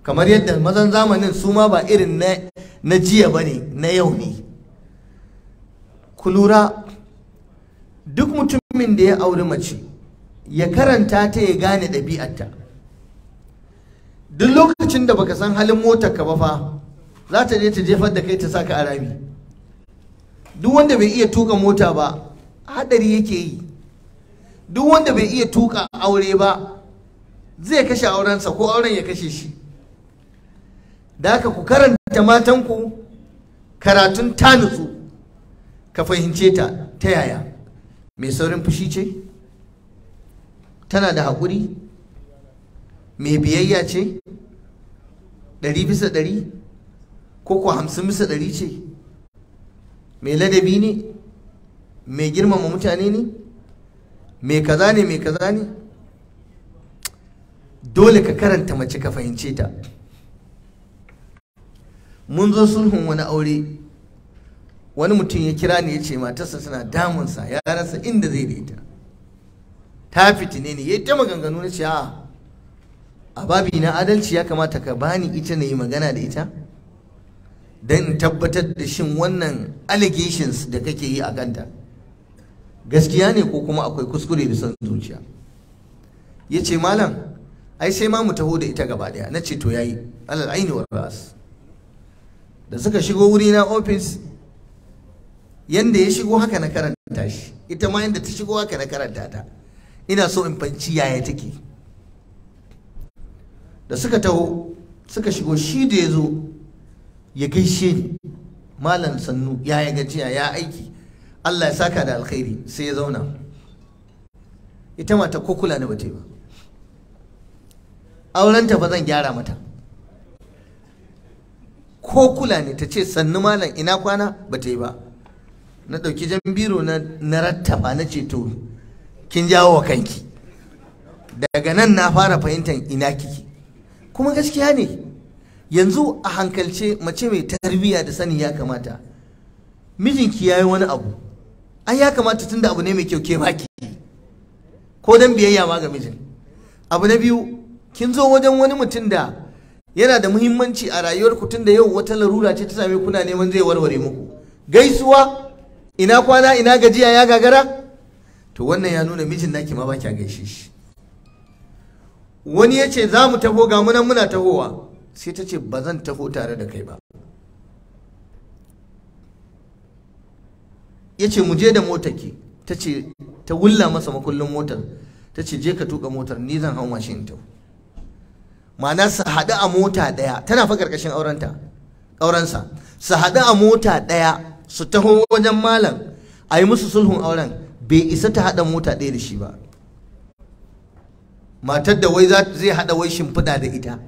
kamar yadda mazan zamanin su ma ba irin na jiya ba ne na yau ne ku lura duk mutumin da ya auri mace ya karanta ta ya gane ɗabi'arta duk lokacin da baka san halin motar ka ba fa za ta je ta jefar da kai ta saka a rami duk wanda bai iya tuka mota ba hadari yake yi duk wanda bai iya tuka aure ba zai kashe aurensa ko auren ya kashe shi da haka ku karanta matanku karatun ta nutsu ka fahimce ta ta yaya mai saurin fushi ce tana da haƙuri mai biyayya ce ɗari bisa ɗari ko ko hamsin bisa ɗari ce mai ladabi ne mai girmama mutane ne mai kaza ne mai kaza ne dole ka karanta mace ka fahimce ta mun zo sulhun wani aure wani mutum ya kira ni ya ce matarsa suna damunsa ya rasa inda zai daita ta fitine ne ya yi ta maganganu na ce a'a a babi na adalci ya kamata ka bani ita na yi magana da ita don tabbatar da shin wannan allegations da kake yi a kanta gaskiya ne ko kuma akwai kuskure da son zuciya ya ce malam ai sai ma mu taho da ita gaba daya na ce to yayi alal aini wa ras da suka shigo wuri na ofis yanda ya shigo haka na karanta shi ita ma yanda ta shigo haka na karanta ta ina so in fanci yaya take da suka taho suka shigo shi da ya zo ya gaishe ni malam sannu ya yi gajiya ya aiki Allah ya saka da alkhairi sai ya zauna ita mata ko kula na bata ba aurenta ba zan gyara mata ko kula ne ta ce sannu malam ina kwana bata yi ba na ɗauki jan biro na rattaba na ceto kin jawo wa kanki daga nan na fara fahimtar ina kiki kuma gaskiya ne yanzu a hankalce mace mai tarbiyya da sani ya kamata mijinki ya yi wani abu ai ya kamata tunda abu ne mai kyau ke baki ko dan biyayya ma ga mijin abu na biyu kin zo wajen wani mutum da yana da muhimmanci a rayuwar rayuwarku tunda yau wata larura ce ta same kuna neman zai warware muku gaisuwa ina kwana ina gajiya ya gagara to wannan ya nuna mijin naki ma ba kya gaishe shi wani ya ce za mu taho ga munan muna tahowa sai ta ce ba zan taho tare da kai ba ya ce mu je da mota ta ce ta wulla masa makullin motar ta ce je ka tuka motar ni zan hau mashin ta ma'ana su haɗu a mota ɗaya tana fa ƙarƙashin aurenta aurensa su haɗu a mota ɗaya su taho wajen malam a yi musu sulhun auren bai isa ta haɗa mota ɗaya da shi ba matar da wai zai haɗa wai shimfiɗa da ita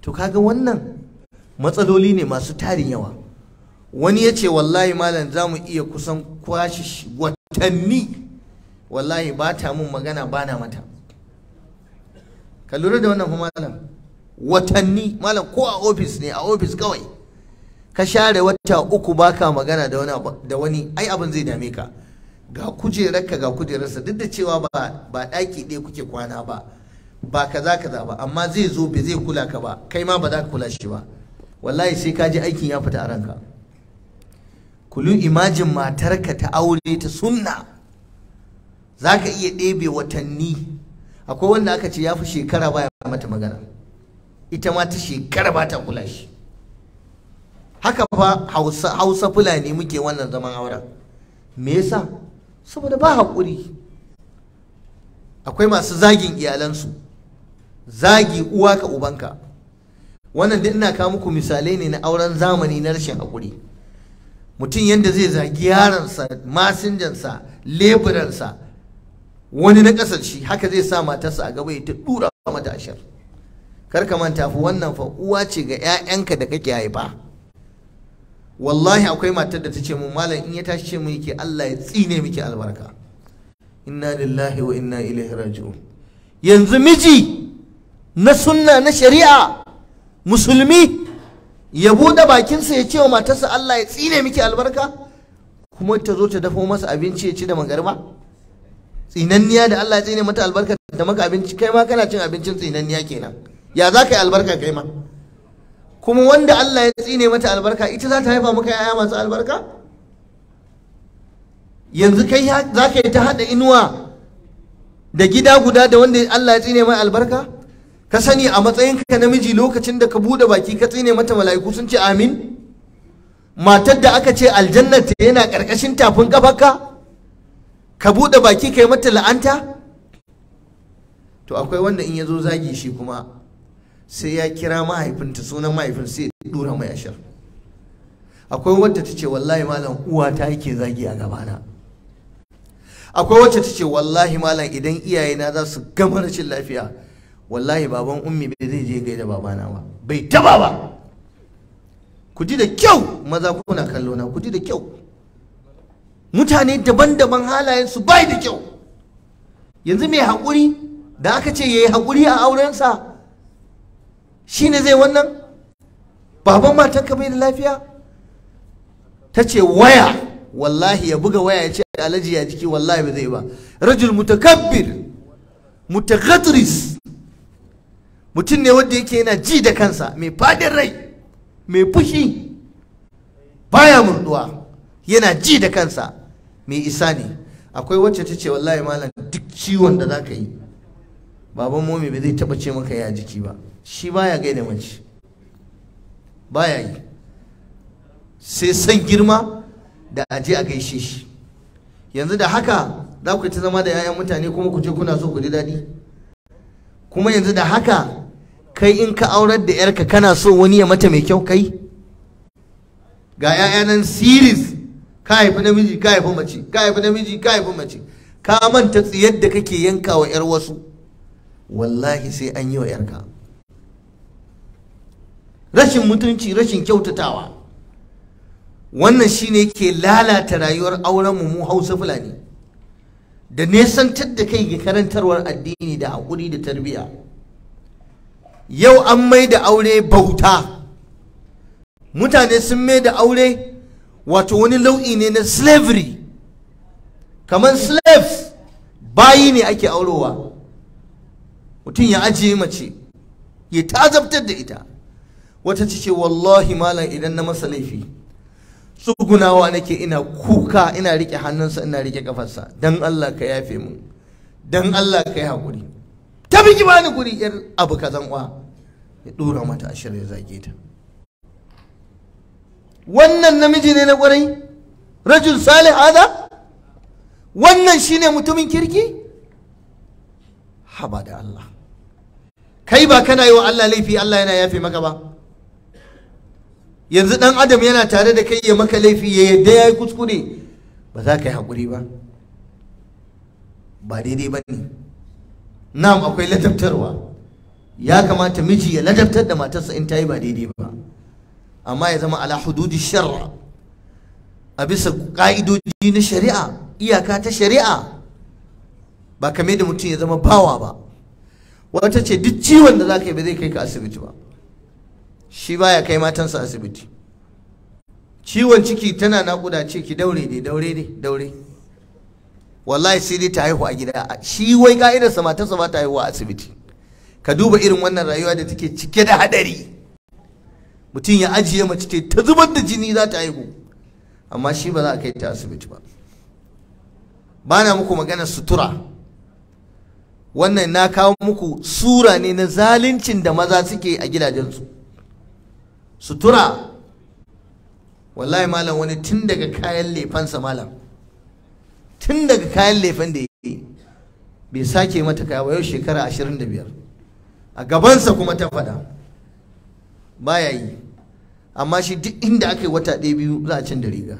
to kaga wannan matsaloli ne masu tarin yawa wani ya ce wallahi malam za mu iya kusan kwashe watanni wallahi ba ta mun magana ba na mata ka lura da wannan kuma, malam watanni malam ko a ofis ne a ofis kawai ka share wata uku baka magana da wani ai abin zai dame ka ga kujerarka ga kujerarsa duk da cewa ba ba ɗaki ɗaya kuke kwana ba ba kaza kaza ba amma zai zo bai zai kula ka ba kai ma ba za ka kula shi ba wallahi sai ka ji aikin ya fita a ranka kulu imajin matarka ta aure ta sunna za ka iya ɗebe watanni akwai wanda aka ce ya fi shekara baya mata magana ita ma ta shekara ba ta kula shi haka fa hausa fulani muke wannan zaman auren me yasa saboda ba haƙuri akwai masu zagin iyalansu zagi uwa ka ubanka wannan duk ina kawo muku misalai ne na auren zamani na rashin haƙuri mutum yadda zai zagi yaransa masinjansa leburansa wani na ƙasar shi haka zai sa matarsa a gaba ta ɗura mata ashar kar ka manta fa wannan fa uwa ce ga 'ya'yanka da kake haifa wallahi akwai matar da ta ce mu malam in ya tashi ce mu yake Allah ya tsine miki albarka inna lillahi wa inna ilaihi raji'un yanzu miji na sunna na shari'a musulmi ya buɗe bakinsa ya ce wa matarsa Allah ya tsine miki albarka kuma ta zo ta dafo masa abinci ya ci da magarba tsinanniya da Allah ya tsine mata albarka da maka abinci kai ma kana cin abincin tsinanniya kenan ya za ka yi albarka kai ma kuma wanda Allah ya tsine mata albarka ita za ta haifa maka yaya masu albarka yanzu kai za ka yi ta haɗa inuwa da gida guda da wanda Allah ya tsine mai albarka ka sani a matsayinka namiji lokacin da ka buɗe baki ka tsine mata mala'iku sun ce amin matar da aka ce aljannata yana ƙarƙashin tafin kafarka ka buɗe baki ka yi mata la'anta to akwai wanda in ya zo zagi shi kuma sai ya kira mahaifinta sunan mahaifin sai ya dora mai ashar akwai wadda ta ce wallahi malam uwa ta yake zagi a gabana akwai wacce ta ce wallahi malam idan iyayena za su gama rashin lafiya wallahi baban ummi bai zai je gaida babana ba bai taba ba ku ji da kyau maza kuna kallo na ku ji da kyau mutane daban-daban halayen su bai da kyau yanzu mai haƙuri da aka ce yayi haƙuri a aurensa shi ne zai wannan baban matanka bai da lafiya ta ce waya wallahi ya buga waya ya ce alaji ya jiki wallahi ba zai ba rajul mutakabbir mutaqadris mutum ne wanda yake yana ji da kansa mai fadin rai mai fushi baya murduwa yana ji da kansa mai isa ne akwai wacce ta ce wallahi malam duk ciwon da za ka yi baban momi ba zai taba ce maka ya jiki ba shi baya gaida mace baya yi sai san girma da aje a gaishe shi yanzu da haka za ku ta zama da 'ya'yan mutane kuma ku je kuna so ku ji daɗi kuma yanzu da haka kai in ka aurar da 'yarka kana so wani ya mata mai kyau kai ga 'ya'ya nan series ka haifi namiji ka haifi mace ka haifi namiji ka haifi mace ka manta tsiyar da kake yanka wa 'yar wasu wallahi sai an yi wa yarka rashin mutunci rashin kyautatawa wannan shine ke lalata rayuwar auren mu hausa fulani da nesantar da kai ga karantarwar addini da haƙuri da tarbiyya yau an mai da aure bauta mutane sun mai da aure wato wani lau'i ne na slavery kamar slaves bayi ne ake aurowa mutum ya ajiye mace ya tazabtar da ita wata ce wallahi malam idan na masa laifi tsugunawa nake ina kuka ina rike hannunsa ina rike kafarsa dan Allah ka yafe mu dan Allah ka yi hakuri ta ki bani guri yar abu kazan kwa. ya dora mata a shirya zage ta wannan namiji ne na kwarai rajul salih hada wannan shine mutumin kirki haba da Allah kai ba kana yi wa Allah laifi Allah yana yafe maka ba yanzu dan adam yana tare da kai ya maka laifi ya yadda ya yi kuskure ba za ka yi haƙuri ba ba daidai ba ne nam akwai ladabtarwa ya kamata miji ya ladabtar da matarsa in ta yi ba daidai ba amma ya zama ala hududi shar'a a bisa ƙa'idoji na shari'a iyaka ta shari'a ba kame da mutum ya zama bawa ba wata ce duk ciwon da za ka yi ba zai kai ka asibiti ba shi baya kai matansa asibiti ciwon ciki tana naƙuda ce ki daure ne daure ne daure wallahi sai dai ta haihu a gida shi wai ka'idarsa matansa ba ta haihu a asibiti ka duba irin wannan rayuwa da take cike da haɗari mutum ya ajiye mace ce ta zubar da jini za ta haihu amma shi ba za a kai ta asibiti ba ba na muku maganar sutura wannan na kawo muku sura ne na zaluncin da maza suke a gidajensu sutura wallahi malam wani tun daga kayan lefansa malam tun daga kayan lefan da yake bai sake mata kawo yau shekara 25 a gabansa kuma ta faɗa ba yi amma shi duk inda aka yi wata ɗaya biyu za a cin da riga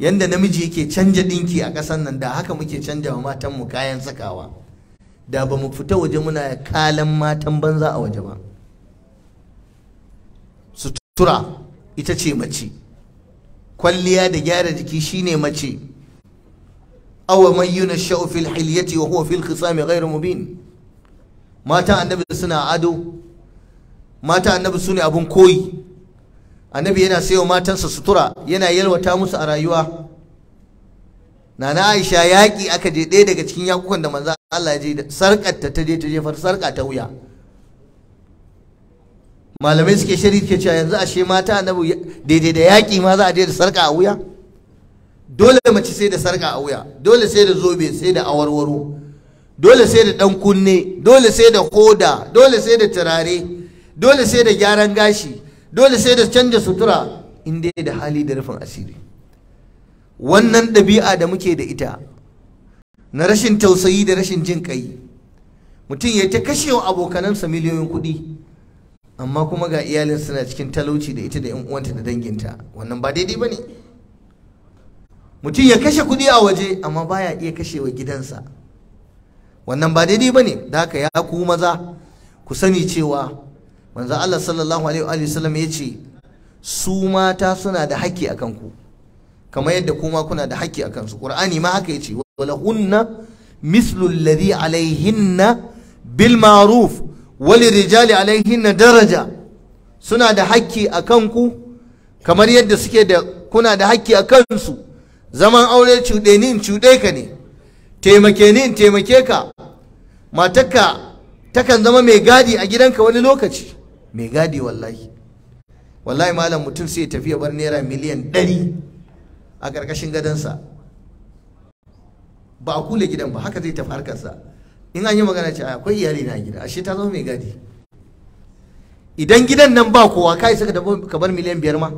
yanda namiji yake canja dinki a ƙasar nan da haka muke canja wa matanmu kayan sakawa da ba mu fita waje muna kalan matan banza a waje ba sutura ita ce mace kwalliya da gyara jiki shine mace awa man sha'u fil hilyati wa huwa fil khisami ghairu mubin mata annabi suna ado mata annabi sune abun koyi annabi yana sayo matansa sutura yana yalwata musu a rayuwa nana aisha yaƙi aka je ɗaya daga cikin yakukan da manzan Allah ya je da sarƙar ta ta je ta jefar sarƙa ta wuya malamai suke shari'a ke cewa yanzu ashe mata annabi daidai da yaƙi ma za a je da sarƙa a wuya dole mace sai da sarƙa a wuya dole sai da zobe sai da awarwaro dole sai da ɗan kunne dole sai da koda dole sai da turare dole sai da gyaran gashi dole sai da canja sutura in dai da hali da rufin asiri wannan ɗabi'a da muke da ita na rashin tausayi da rashin jin kai mutum ya ta kashe wa abokanansa miliyoyin kuɗi amma kuma ga iyalin suna cikin talauci da ita da yan uwanta da danginta wannan ba daidai ba ne mutum ya kashe kuɗi a waje amma baya iya kashewa gidansa wannan ba daidai ba ne da haka ya ku maza ku sani cewa manzo Allah sallallahu alaihi wasallam ya ce su mata suna da haƙƙi a kanku kamar yadda kuma kuna da haƙƙi a kansu qur'ani ma haka yace walahunna mislu alladhi alaihinna bil ma'ruf rijali alaihinna daraja suna da haƙƙi a kanku kamar yadda suke da kuna da haƙƙi a kansu zaman aure cuɗe ni in cuɗe ka ne taimake ni in taimake ka matarka takan zama mai gadi a gidanka wani lokaci mai gadi wallahi wallahi malam mutum sai tafi ya bar naira miliyan ɗari a ƙarƙashin gadansa ba a kule gidan ba haka zai tafi harkarsa in an yi magana ce akwai iyali na gida ashe ta zama mai gadi idan gidan nan ba kowa kai saka da ka bar miliyan biyar ma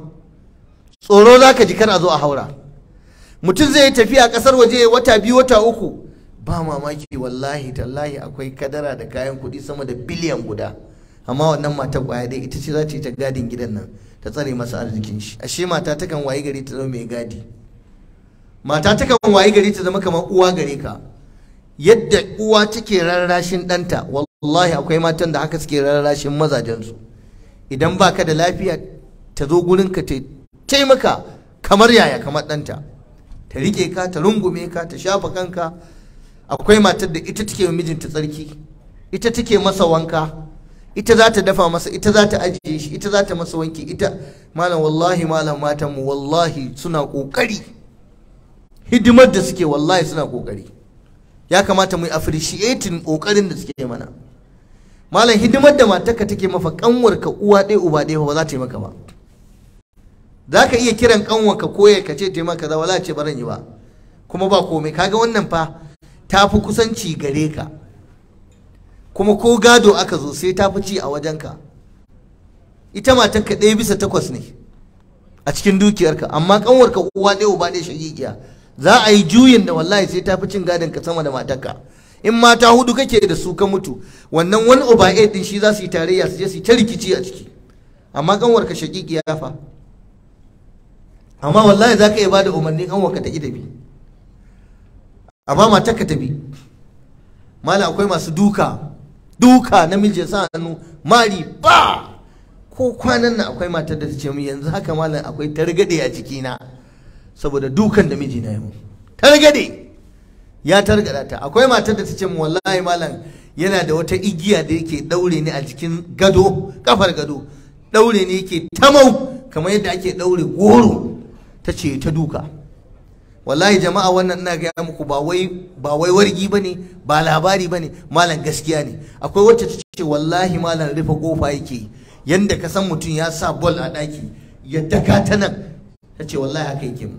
tsoro za ka ji kana zo a haura mutum zai tafi a ƙasar waje wata biyu wata uku ba mamaki wallahi tallahi akwai kadara da kayan kuɗi sama da biliyan guda amma wannan mata kwaya dai ita ce za ta yi ta gadin gidan nan ta tsare masa arzikin shi ashe mata kan wayi gari ta zama mai gadi mata takan wayi gari ta zama kamar uwa gare ka yadda uwa take rarrashin ɗanta wallahi akwai matan da haka suke rarrashin mazajensu idan baka da lafiya ta zo ka ta taimaka kamar yaya kamar ɗanta ta rike ka ta rungume ka ta shafa kanka akwai matar da ita take mijinta tsarki ita take masa wanka ita za ta dafa masa ita za ta ajiye shi ita za ta masa wanki ita malam wallahi malam matan mu wallahi suna kokari hidimar da suke wallahi suna kokari ya kamata mu appreciating kokarin da suke mana malam hidimar da matarka take mafa kanwarka uwa ɗaya uba ɗaya ba za ta yi maka ba za ka iya kiran kanwarka koya ka ce taimaka za, wala ce baran yi ba kuma ba komai kaga wannan fa tafi fi kusanci gare ka kuma ko gado aka zo sai ta ci a wajenka ita ka ɗaya bisa takwas ne a cikin dukiyarka amma kanwarka uwa ɗaya uba ɗaya shagigiya za a yi juyin da wallahi sai ta fi cin gadon ka sama da matanka. in mata hudu kake da su ka mutu wannan wani uba ɗaya ɗin shi za su yi tarayya su je su ta rikici a ciki amma kanwarka shagigiya fa amma wallahi za ka iya bada umarni kanwarka ta ƙi tafi amma ta bi, malam akwai masu duka duka namiji ya sa hannu mari ba ko kwanan nan akwai matar da ta ce min yanzu haka malam akwai targade a jikina saboda dukan da miji na yi mun targade ya targada ta akwai matar da ta ce min wallahi malam yana da wata igiya da yake daure ni a jikin gado kafar gado daure ne yake tamau kamar yadda ake daure goro ta ce ta duka wallahi jama'a wannan ina gaya muku ba wai ba wai wargi bane ba labari malam gaskiya ne akwai wacce ta ce wallahi malam rufe kofa yake yanda ka san mutum ya sa bol a daki ya daka ta nan ta ce wallahi haka yake mu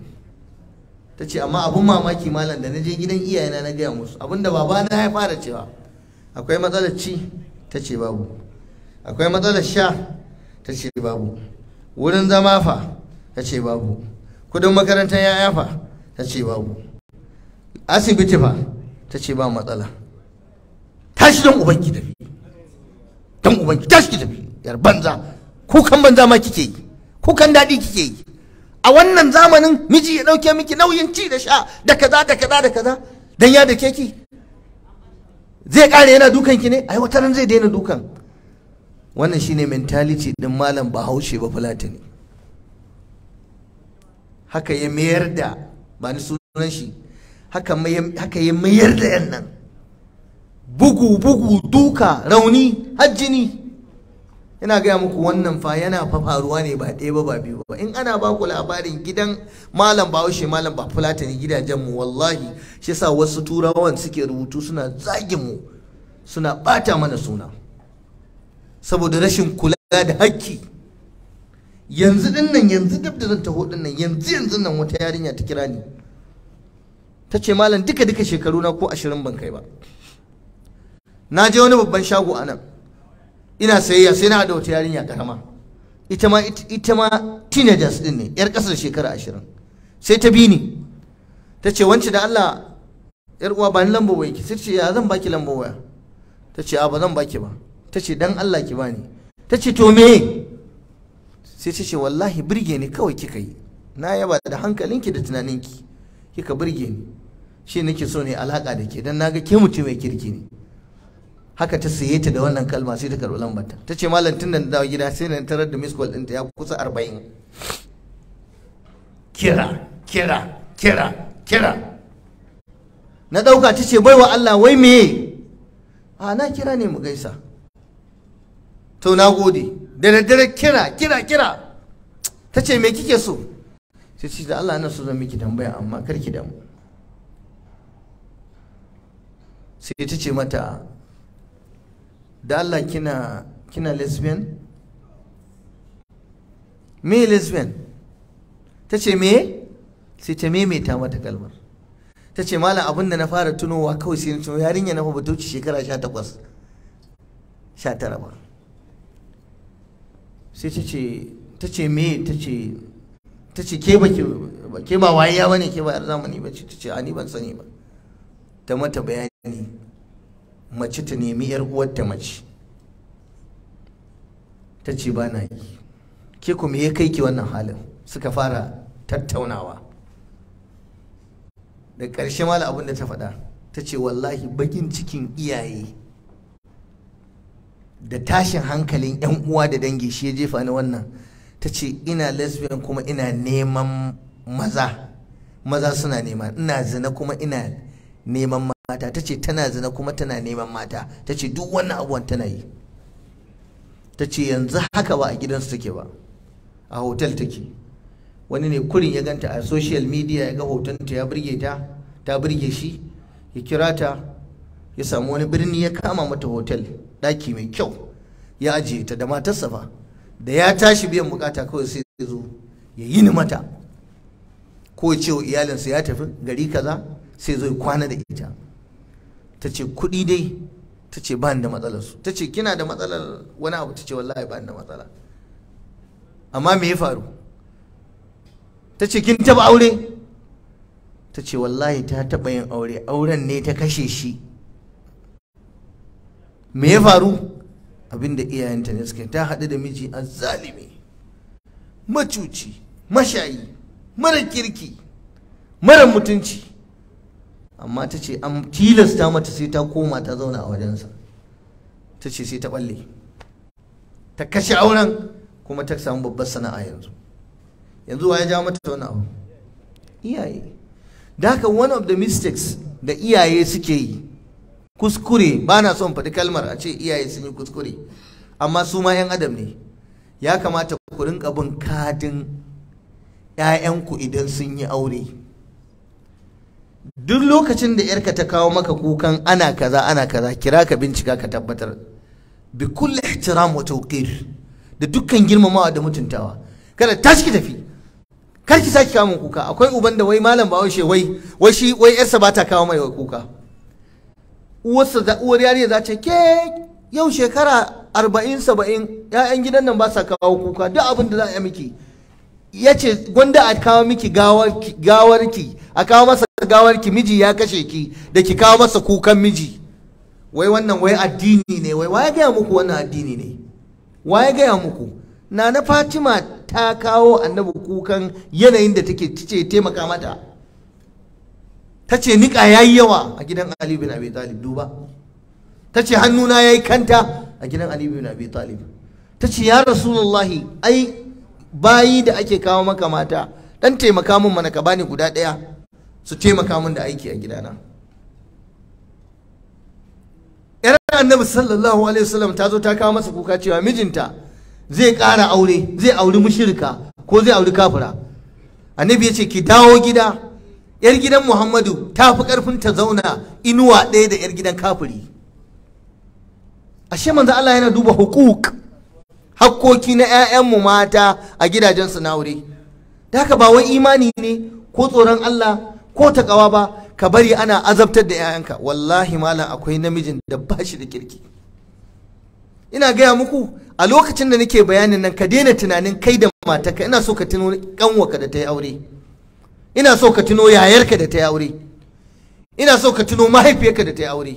ta ce amma abun mamaki malam da na je gidan iyayena na gaya musu abinda baba na ya fara cewa akwai matsalar ci ta ce babu akwai matsalar sha ta ce babu wurin zama fa ta ce babu kudin makarantar yaya fa ta ce babu asibiti fa ta ce ba matsala tashi don uban ki bi. don uban ki tashi ki bi. yar banza kukan banza ma kike yi kukan daɗi kike yi a wannan zamanin miji ya ɗauke miki nauyin ci da sha da kaza da kaza da kaza dan ya da keki zai ƙare yana dukan ki ne ai wata ran zai daina dukan wannan shine mentality din malam bahaushe ba fulatani haka ya mayar da ba ni sunan shi haka ya mayar da yan nan bugu bugu duka rauni hajjini ina gaya muku wannan fa yana fa faruwa ne ba ɗaya ba biyu ba in ana ba ku labarin gidan malam bahaushe malam ba ne gidajen mu wallahi shi sa wasu turawan suke rubutu suna zagin mu suna ɓata mana suna saboda rashin kula da hakki yanzu din nan yanzu dab da zan taho din nan yanzu yanzu nan wata yarinya ta kira ni ta ce malam duka duka shekaru na ko ashirin ban kai ba na je wani babban shago a nan ina sayayya sai na hada wata yarinya karama ita ma ita ma teenagers din ne yar kasar shekara ashirin sai ta bi ni ta ce wance da Allah yar uwa ba ni lambo wai ki sai ce ya zan baki lambo waya ta ce a ba zan baki ba ta ce dan Allah ki bani ta ce to me sai ta ce wallahi birge ni kawai kika yi na yaba da hankalinki da tunaninki kika birge ni shi nake so ne alaka da ke dan naga ke mutum mai kirki ne haka ta saye ta da wannan kalma sai ta karɓi lambar ta ce malam tun da na dawo gida sai na tarar da miss call ɗinta ya kusa arba'in kira kira kira kira na ɗauka ta ce baiwa Allah wai me a na kira ne mu gaisa to na gode da daddare kira kira kira ta ce me kike so sai ce da Allah na so zan miki tambaya amma kar ki damu sai ta ce mata da Allah kina kina lesbian me lesbian ta ce me sai ta maimaita mata kalmar ta ce malam abin da na fara tunowa kawai sai na tunowa yarinya na fa ta wuce shekara 18 19 ba sai ta ce ta ce me ta ce ta ce ke ba ke ba ya bane ke ba yar zamani ba ce ta ce ani ban sani ba ta mata bayani mace ta nemi yar uwar ta mace ta ce ba na yi ke kuma ya kai ki wannan halin suka fara tattaunawa da ƙarshe mala abin da ta faɗa ta ce wallahi bakin cikin iyaye da tashin hankalin 'yan uwa da dangi shi ya jefa ni wannan ta ce ina lesbian kuma ina neman maza maza suna nema ina zina kuma ina neman mata ta ce tana zina kuma tana neman mata ta ce duk wannan abuwan tana yi ta ce yanzu haka ba a gidansu take ba a hotel take wani ne kurin ya ganta a social media ya ga hotonta ya burge ta ta burge shi ya kira ta ya samu wani birni ya kama mata hotel ɗaki mai kyau ya ajiye ta da matarsa fa da ya tashi biyan bukata kawai sai ya zo ya ni mata ko ya ce wa iyalinsa ya tafi gari kaza sai zo ya kwana da ita ta ce kuɗi dai ta ce ba da matsalar su ta ce kina da matsalar wani abu ta ce wallahi ba da matsala amma me ya faru ta ce kin taba aure ta ce wallahi ta taba yin aure auren ne ta kashe shi me ya faru abinda iyayenta ne suka ta haɗu da miji a zalimi macuci mashayi mara kirki mara mutunci amma ta ce an tilasta mata sai ta koma ta zauna a wajensa ta ce sai ta balle ta kashe auren kuma ta samu babbar sana'a yanzu yanzu wa ya ja mata wani abu iyaye da haka one of the mistakes da iyaye suke yi kuskure ba na son faɗi kalmar a ce iyaye sun yi kuskure amma su ma 'yan adam ne ya kamata ku rinka bin kadin 'ya'yanku idan sun yi aure duk lokacin da 'yarka ta kawo maka kukan ana kaza ana kaza kira ka bincika ka tabbatar bi kulli ihtiram wa tawqir da dukkan girmamawa da mutuntawa kada tashi tafi kar ki saki kawo kuka akwai uban da wai malam ba wai wai wai shi wai yarsa ba ta kawo mai kuka uwarsa da uwar yariya za ce ke yau shekara arba'in saba'in ya'yan gidan nan ba sa kawo kuka duk abin da za a miki ya ce gwanda a kawo miki gawarki a kawo masa gawarki miji ya kashe ki da ki kawo masa kukan miji wai wannan wai addini ne wai ya gaya muku wannan addini ne ya gaya muku na na fatima ta kawo annabi kukan yanayin da take taimaka mata ta ce niƙa ya yi yawa a gidan Ali bin Abi Talib duba ta ce hannuna ya yi kanta a gidan Ali bin Abi Talib ta ce ya Rasulullahi ai bayi da ake kawo maka mata ɗan taimaka min mana ka bani guda ɗaya su taimaka min da aiki a gidana yar annabi sallallahu alaihi wasallam ta zo ta kawo masa kuka cewa mijinta zai ƙara aure zai auri mushirka ko zai auri kafira annabi ya ce ki dawo gida 'yar gidan muhammadu ta fi karfin ta zauna inuwa ɗaya da 'yar gidan kafiri ashe manzo Allah yana duba hukuk hakkoki na mu mata a gidajen na aure da haka ba wai imani ne ko tsoron Allah ko takawa ba ka bari ana azabtar da 'ya'yanka wallahi malam akwai namijin da ba shi da kirki ina gaya muku a lokacin da nake bayanin nan ka daina tunanin kai da matarka ina so ka tuno ka da ta yi aure ina so ka tuno yayarka da ta yi aure ina so ka tuno mahaifiyarka da ta yi aure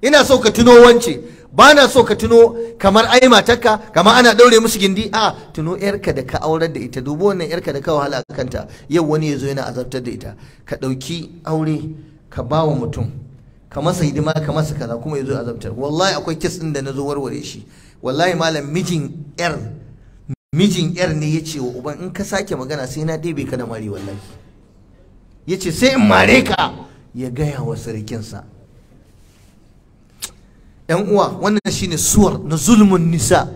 ina so ka tuno wance ba na so ka tuno kamar ai matarka kamar ana ɗaure musu gindi a tuno yarka da ka aurar da ita dubo wannan yarka da ka wahala a kanta yau wani ya zo yana azabtar da ita ka ɗauki aure ka ba wa mutum ka masa hidima ka masa kaza kuma ya zo azabtar wallahi akwai kes ɗin da na zo warware shi wallahi malam mijin yar mijin yar ne ya ce wa uban in ka sake magana sai na ɗebe ka da mari wallahi ya ce sai in mare ka ya gaya wa sarkinsa yan uwa wannan shine suwar na zulmun nisa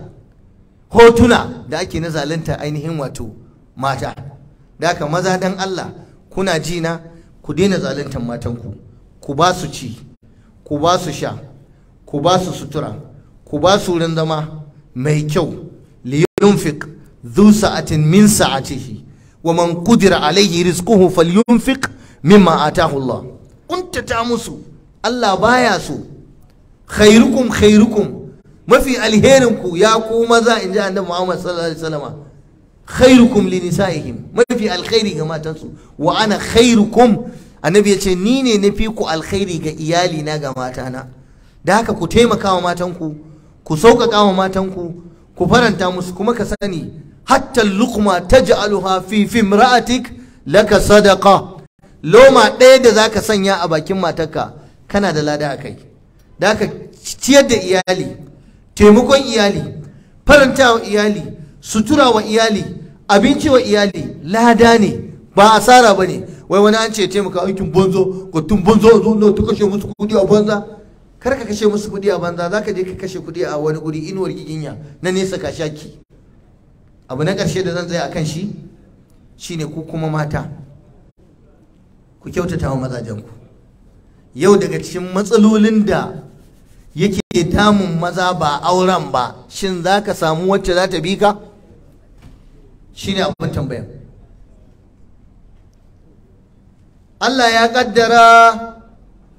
hotuna da ake na zalunta ainihin wato mata da haka maza dan Allah kuna ji na ku daina zaluntar matanku ku ba su ci ku ba su sha ku ba su sutura ku ba su wurin zama mai kyau yunfiq sa'atin min sa'atihi wa man kudira alayhi rizquhu falyunfiq mimma atahu Allah musu Allah baya su. khairukum khairukum mafi alherinku ya ku maza inji annabi Muhammad sallallahu alaihi wasallam khairukum li nisaihim mafi alkhairi ga matansu wa ana khairukum annabi yace ce ni ne na fi ku alkhairi ga iyali na ga matana da haka ku taimaka wa matanku ku sauƙaƙa wa matanku ku faranta musu kuma ka sani hatta luqma taj'aluha fi fi imra'atik laka sadaqa loma ɗaya da zaka sanya a bakin matarka kana da lada a kai da ka ciyar da iyali taimakon iyali faranta wa iyali sutura wa iyali abinci wa iyali lada ne ba asara ba ne wai wani an ce taimaka aikin banzo ga tun banzo zo na ta kashe musu kudi a banza kar ka kashe musu kuɗi a banza za ka je ka kashe kuɗi a wani guri inuwar giginya na nesa ka shaki abu na ƙarshe da zan tsaya kan shi shine ku kuma mata ku kyautata wa mazajenku yau daga cikin matsalolin da yake damun maza ba auren ba shin za ka samu wacce za ta bi ka shine abin tambaya. Allah ya kaddara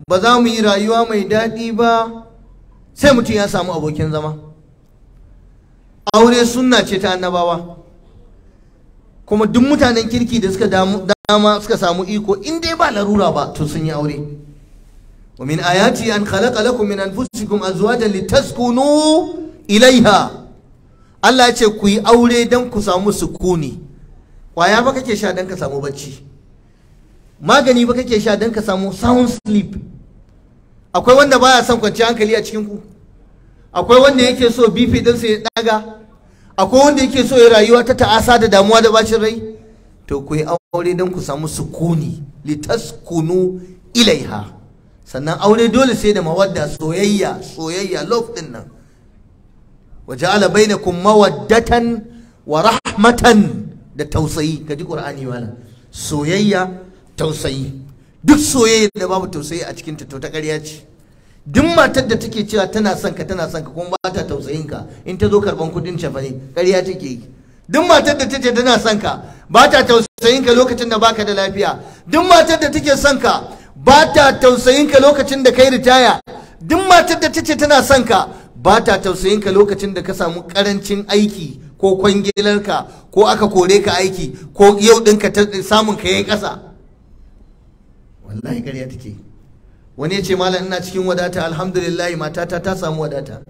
ba za mu yi rayuwa mai daɗi ba sai mutum ya samu abokin zama aure sunna ce ta annabawa kuma duk mutanen kirki da suka dama suka samu iko in dai ba larura ba to sun yi aure wa min ayati an khalaqa ku? min anfusikum azwajan litaskunu ilaiha Allah ya ce ku yi aure dan ku samu sukuni kwaya ba kake sha dan ka samu bacci magani ba kake sha don ka samu sound sleep akwai wanda baya son kwanciyar hankali a cikin ku akwai wanda yake so bifi ɗinsa ya daga akwai wanda yake so ya rayuwa ta ta'asa da damuwa da bacin rai to ku yi aure don ku samu sukuni litaskunu ilaiha sannan aure dole sai da mawadda soyayya soyayya love din nan ja'ala bainakum mawaddatan wa rahmatan da tausayi kaji qur'ani wala soyayya tausayi duk soyayya da babu tausayi a cikin ta to ta ƙarya ce duk matar da take cewa tana son ka tana son ka kuma ba ta tausayin ka in ta zo karban kudin cefa ne ƙarya take yi duk matar da take tana son ka ba ta tausayin ka lokacin da baka da lafiya duk matar da take son ka ba ta tausayin ka lokacin da kai ritaya duk matar da take tana son ka ba ta tausayin ka lokacin da ka samu karancin aiki ko kwangilarka ko aka kore ka aiki ko yau ɗinka samun ka yayi ƙasa wallahi ƙarya take wani ya ce malam ina cikin wadata alhamdulillah matata ta samu wadata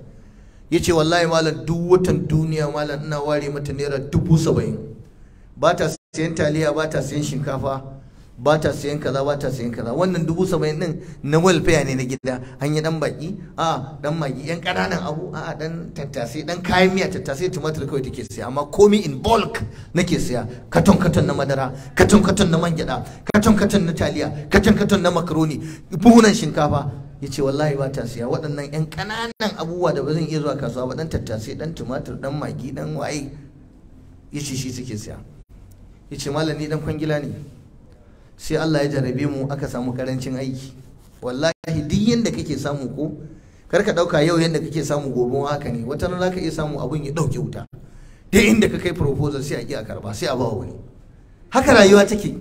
ya ce wallahi malam duk watan duniya malam ina ware mata naira dubu saba'in ba ta sayan taliya ba ta sayan shinkafa ba ta sayan kaza ba ta sayan kaza wannan dubu saba'in din na welfare ne na gida an yi dan baki a dan magi yan ƙananan abu a dan tattasai dan kayan miya tattasai tumatir kawai take siya amma komi in bulk nake siya katon katon na madara katon katon na man katon katon na taliya katon katon na makaroni buhunan shinkafa ya ce wallahi ba ta siya waɗannan 'yan ƙananan abubuwa da ba zan iya zuwa kasuwa ba dan tattasai dan tumatir dan magi dan waye ya ce shi suke siya ya ce malam ni dan kwangila ne sai Allah ya jarabe mu aka samu karancin aiki wallahi duk yanda kake samu ko kar ka dauka yau yanda kake samu gobe haka ne wata rana ka iya samu abun ya dauke wuta Da inda ka kai proposal sai a iya karba sai a ba wani haka rayuwa take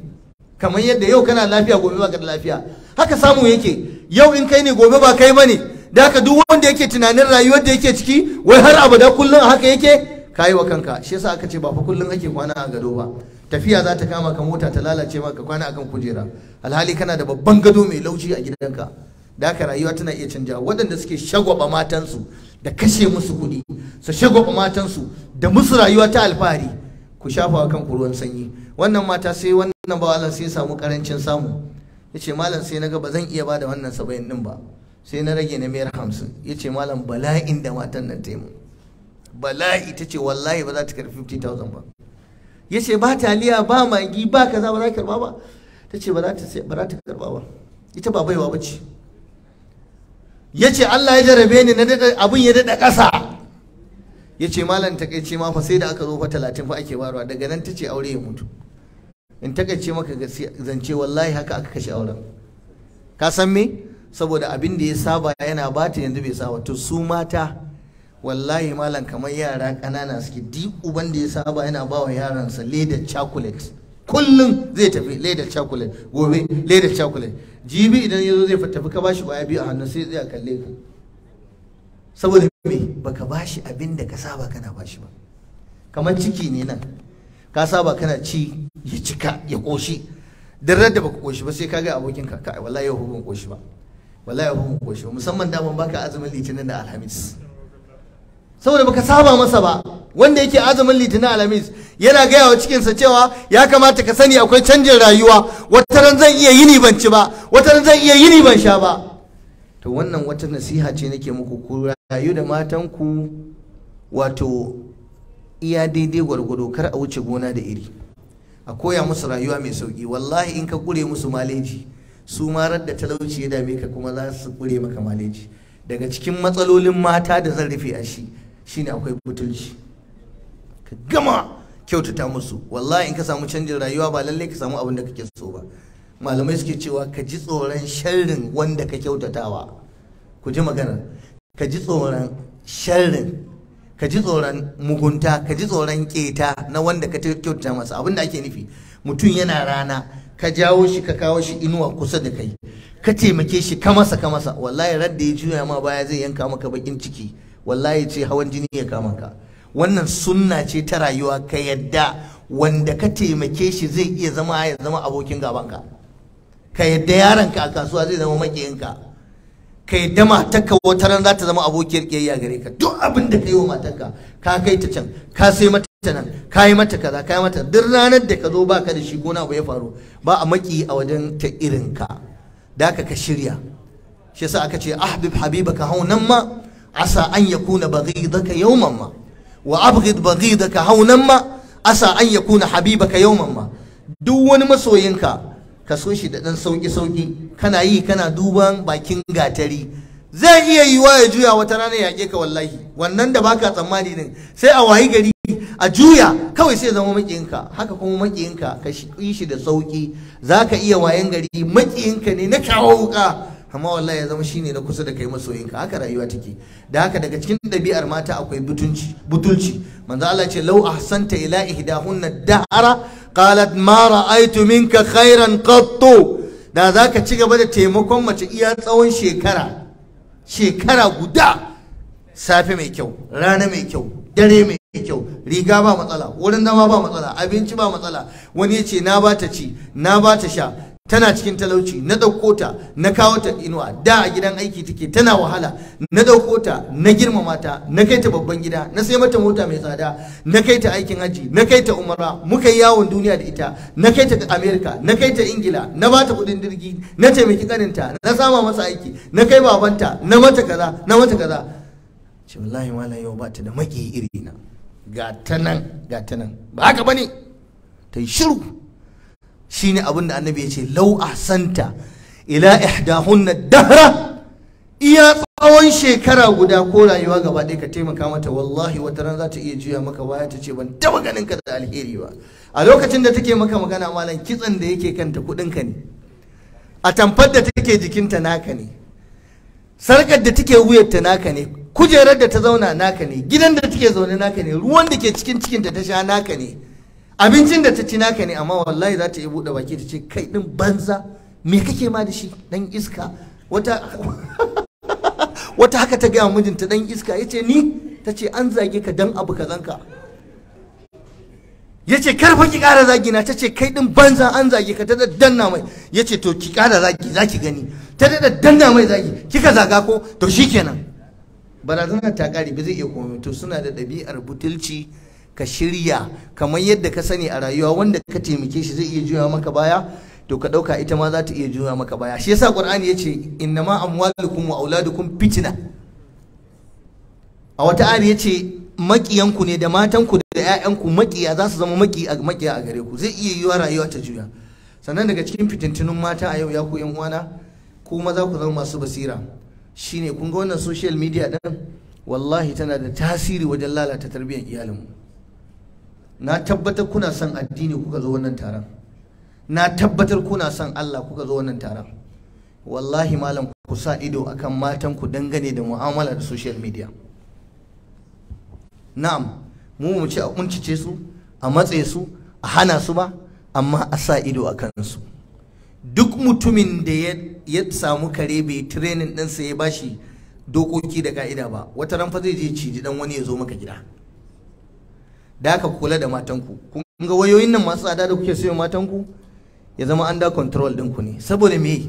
kamar yadda yau kana lafiya gobe ba ka da lafiya haka samu yake yau in kai ne gobe ba kai bane da haka duk wanda yake tunanin rayuwar da yake ciki wai har abada kullum haka yake kayi wa kanka shi yasa aka ce ba fa kullum ake kwana a gado ba tafiya za ta kama ka mota ta lalace maka kwana akan kujera alhali kana da babban gado mai lauci a gidanka da haka rayuwa tana iya canja waɗanda suke shagwaba matansu da kashe musu kuɗi su shagwaba matansu da musu rayuwa ta alfahari ku shafa kan ruwan sanyi wannan mata sai wannan ba Allah sai samu karancin samu yace malam sai naga ba zan iya bada wannan saba'in din ba sai na rage na mayar hamsin yace malam bala'in da matan nan ta yi mun bala'i ta ce wallahi ba za ta karfi 50,000 ba ya ce ba taliya ba magi ba kaza ba za karba ba ta ce ba za ta karba ba ita ba baiwa ba ce ya ce Allah ya jarabe ni na daɗa abin ya daɗa ƙasa ya ce malam takaice ma fa sai da aka zo fa talatin fa ake barwa daga nan ta ce aure ya mutu in ta takaice maka zance wallahi haka aka kashe auren ka san me saboda abin da ya saba yana bata yanzu bai saba to su mata wallahi malam kamar yara ƙanana suke di uban da ya saba yana ba wa yaransa leda chocolate kullum zai tafi leda chocolate gobe leda chocolate jibi idan ya zo zai tafi ka bashi kwaya biyu a hannu sai zai kalle ka saboda me baka bashi abin da ka saba kana bashi ba kamar ciki ne nan ka saba kana ci ya cika ya koshi duk da baka koshi ba sai ka ga abokin ka kai wallahi yau hukun koshi ba wallahi yau hukun koshi musamman da ban baka azumin litinin da alhamis saboda baka saba masa ba wanda yake azumin litinin alamis yana gaya wa cikinsa cewa ya kamata ka sani akwai canjin rayuwa wata ran zan iya yini ban ci ba wata ran zan iya yini ban sha ba to wannan wata nasiha ce nake muku ku rayu da matanku wato iya daidai gwargwado kar a wuce gona da iri a koya musu rayuwa mai sauki wallahi in ka kure musu maleji su rar da talauci ya dame ka kuma za su kure maka maleji daga cikin matsalolin mata da zan rufe a shi shine akwai butulci ka gama kyautata musu wallahi in ka samu canjin rayuwa ba lallai ka samu abin da kake so ba malamai suke cewa ka ji tsoron sharrin wanda ka kyautatawa ku ji magana. ka ji tsoron sharrin ka ji tsoron mugunta ka ji tsoron keta na wanda ka kyautata masa abin da ake nufi mutum yana rana ka jawo shi ka kawo shi inuwa kusa da kai ka taimake shi ka masa ka masa wallahi radda ya juya ma baya zai yanka maka bakin ciki wallahi ce hawan jini ya kama ka wannan sunna ce ta rayuwa ka yadda wanda ka taimake shi zai iya zama ya zama abokin gabanka ka yadda ka a kasuwa zai zama makiyinka ka yadda matarka wata ran za ta zama abokiyar kiyayya gare ka duk abin da ka yi wa matarka ka kai ta can ka sai mata nan ka yi mata kaza ka yi mata duk ranar da ka zo baka da shi gona ba ya faru ba a maki a wajen ta irin ka da ka ka shirya shi yasa aka ce ahbib habibaka haunan ma asa an yakuna baghidaka yawman ma wa abghid baghidaka haunan ma asa an yakuna habibaka yawman ma duk wani masoyinka ka so shi da dan sauki sauki kana yi kana duban bakin gatari zai iya yiwa ya juya wata rana ya ka wallahi wannan da baka tsammani din sai a wayi gari a juya kawai sai zama makiyinka haka kuma makiyinka ka yi shi da sauki zaka iya wayan gari makiyinka ne na kawo wuƙa. amma wallahi ya zama shine na kusa da kai masoyinka haka rayuwa take da haka daga cikin ɗabi'ar mata akwai butunci butulci manzo Allah ce law ahsanta ila ihdahunna dahara qalat ma ra'aytu minka khairan qattu da zaka ci gaba da taimakon mace iya tsawon shekara shekara guda safe mai kyau rana mai kyau dare mai kyau riga ba matsala wurin zama ba matsala abinci ba matsala wani ya ce na ba ta ci na ba ta sha tana cikin talauci na ɗauko ta na kawo ta inuwa da a gidan aiki take tana wahala na ɗauko ta na girmama ta na kai ta babban gida na sai mata mota mai tsada na kai ta aikin haji na kai ta umara muka yi yawon duniya da ita na kai ta amerika na kai ta ingila na ba ta kuɗin jirgi na taimaki kaninta na sama masa aiki na kai babanta na mata kaza na mata kaza ce wallahi yau ba ta da maki iri na ga ta nan ga ta ba haka bane ta shiru shine abin da annabi ya ce lau santa, ila ihdahunna dahra iya tsawon shekara guda ko rayuwa gaba ɗaya ka taimaka mata wallahi wata rana za ta iya juya maka baya ta ce ban taɓa ganin ka da alheri ba a lokacin da take maka magana malam kitsan da yake kanta kuɗin ka ne a tamfar da take jikinta naka ne sarkar da take wuyarta naka ne kujerar da ta zauna naka ne gidan da take zaune naka ne ruwan da ke cikin cikinta ta sha naka ne abincin da ta ci naka ne amma wallahi za ta yi buɗe baki ta ce kai ɗin banza me kake ma da shi ɗan iska wata wata haka ta gaya mijinta ɗan iska ya ce ni ta ce an zage ka dan abu ka zanka ya ce karfa ki ƙara zagi na ta ce kai ɗin banza an zage ka ta danna mai ya ce to ki ƙara zagi za ki gani ta da danna mai zagi kika zaga ko to shikenan barazana ta ƙare ba zai iya komai to suna da ɗabi'ar butulci ka shirya kamar yadda ka sani a rayuwa wanda ka taimake shi zai iya juya maka baya to ka dauka ita ma za ta iya juya maka baya shi yasa qur'ani yace innama amwalukum wa auladukum fitna a wata ayar yace makiyanku ne da matanku da ku makiya za su zama makiya a gare ku zai iya yiwa rayuwa ta juya sannan daga cikin fitintunun mata a yau ya ku yan uwana ku maza ku zama masu basira shine kun ga wannan social media din wallahi tana da tasiri wajen lalata tarbiyyar iyalinmu na tabbatar kuna son addini kuka zo wannan taron na tabbatar kuna son Allah kuka zo wannan taron wallahi malam ku sa ido akan matan ku dangane da mu'amala da social media na'am mu mu ce a kuncice su a matse su a hana su ba amma a sa ido a kansu duk mutumin da ya samu kare bai training ɗinsa ya bashi dokoki da ka'ida ba wata ran fa zai je ciji dan wani ya zo maka gida da ka kula da matanku kun ga wayoyin nan masu tsada da kuke sayo matanku ya zama under control ɗinku ne saboda me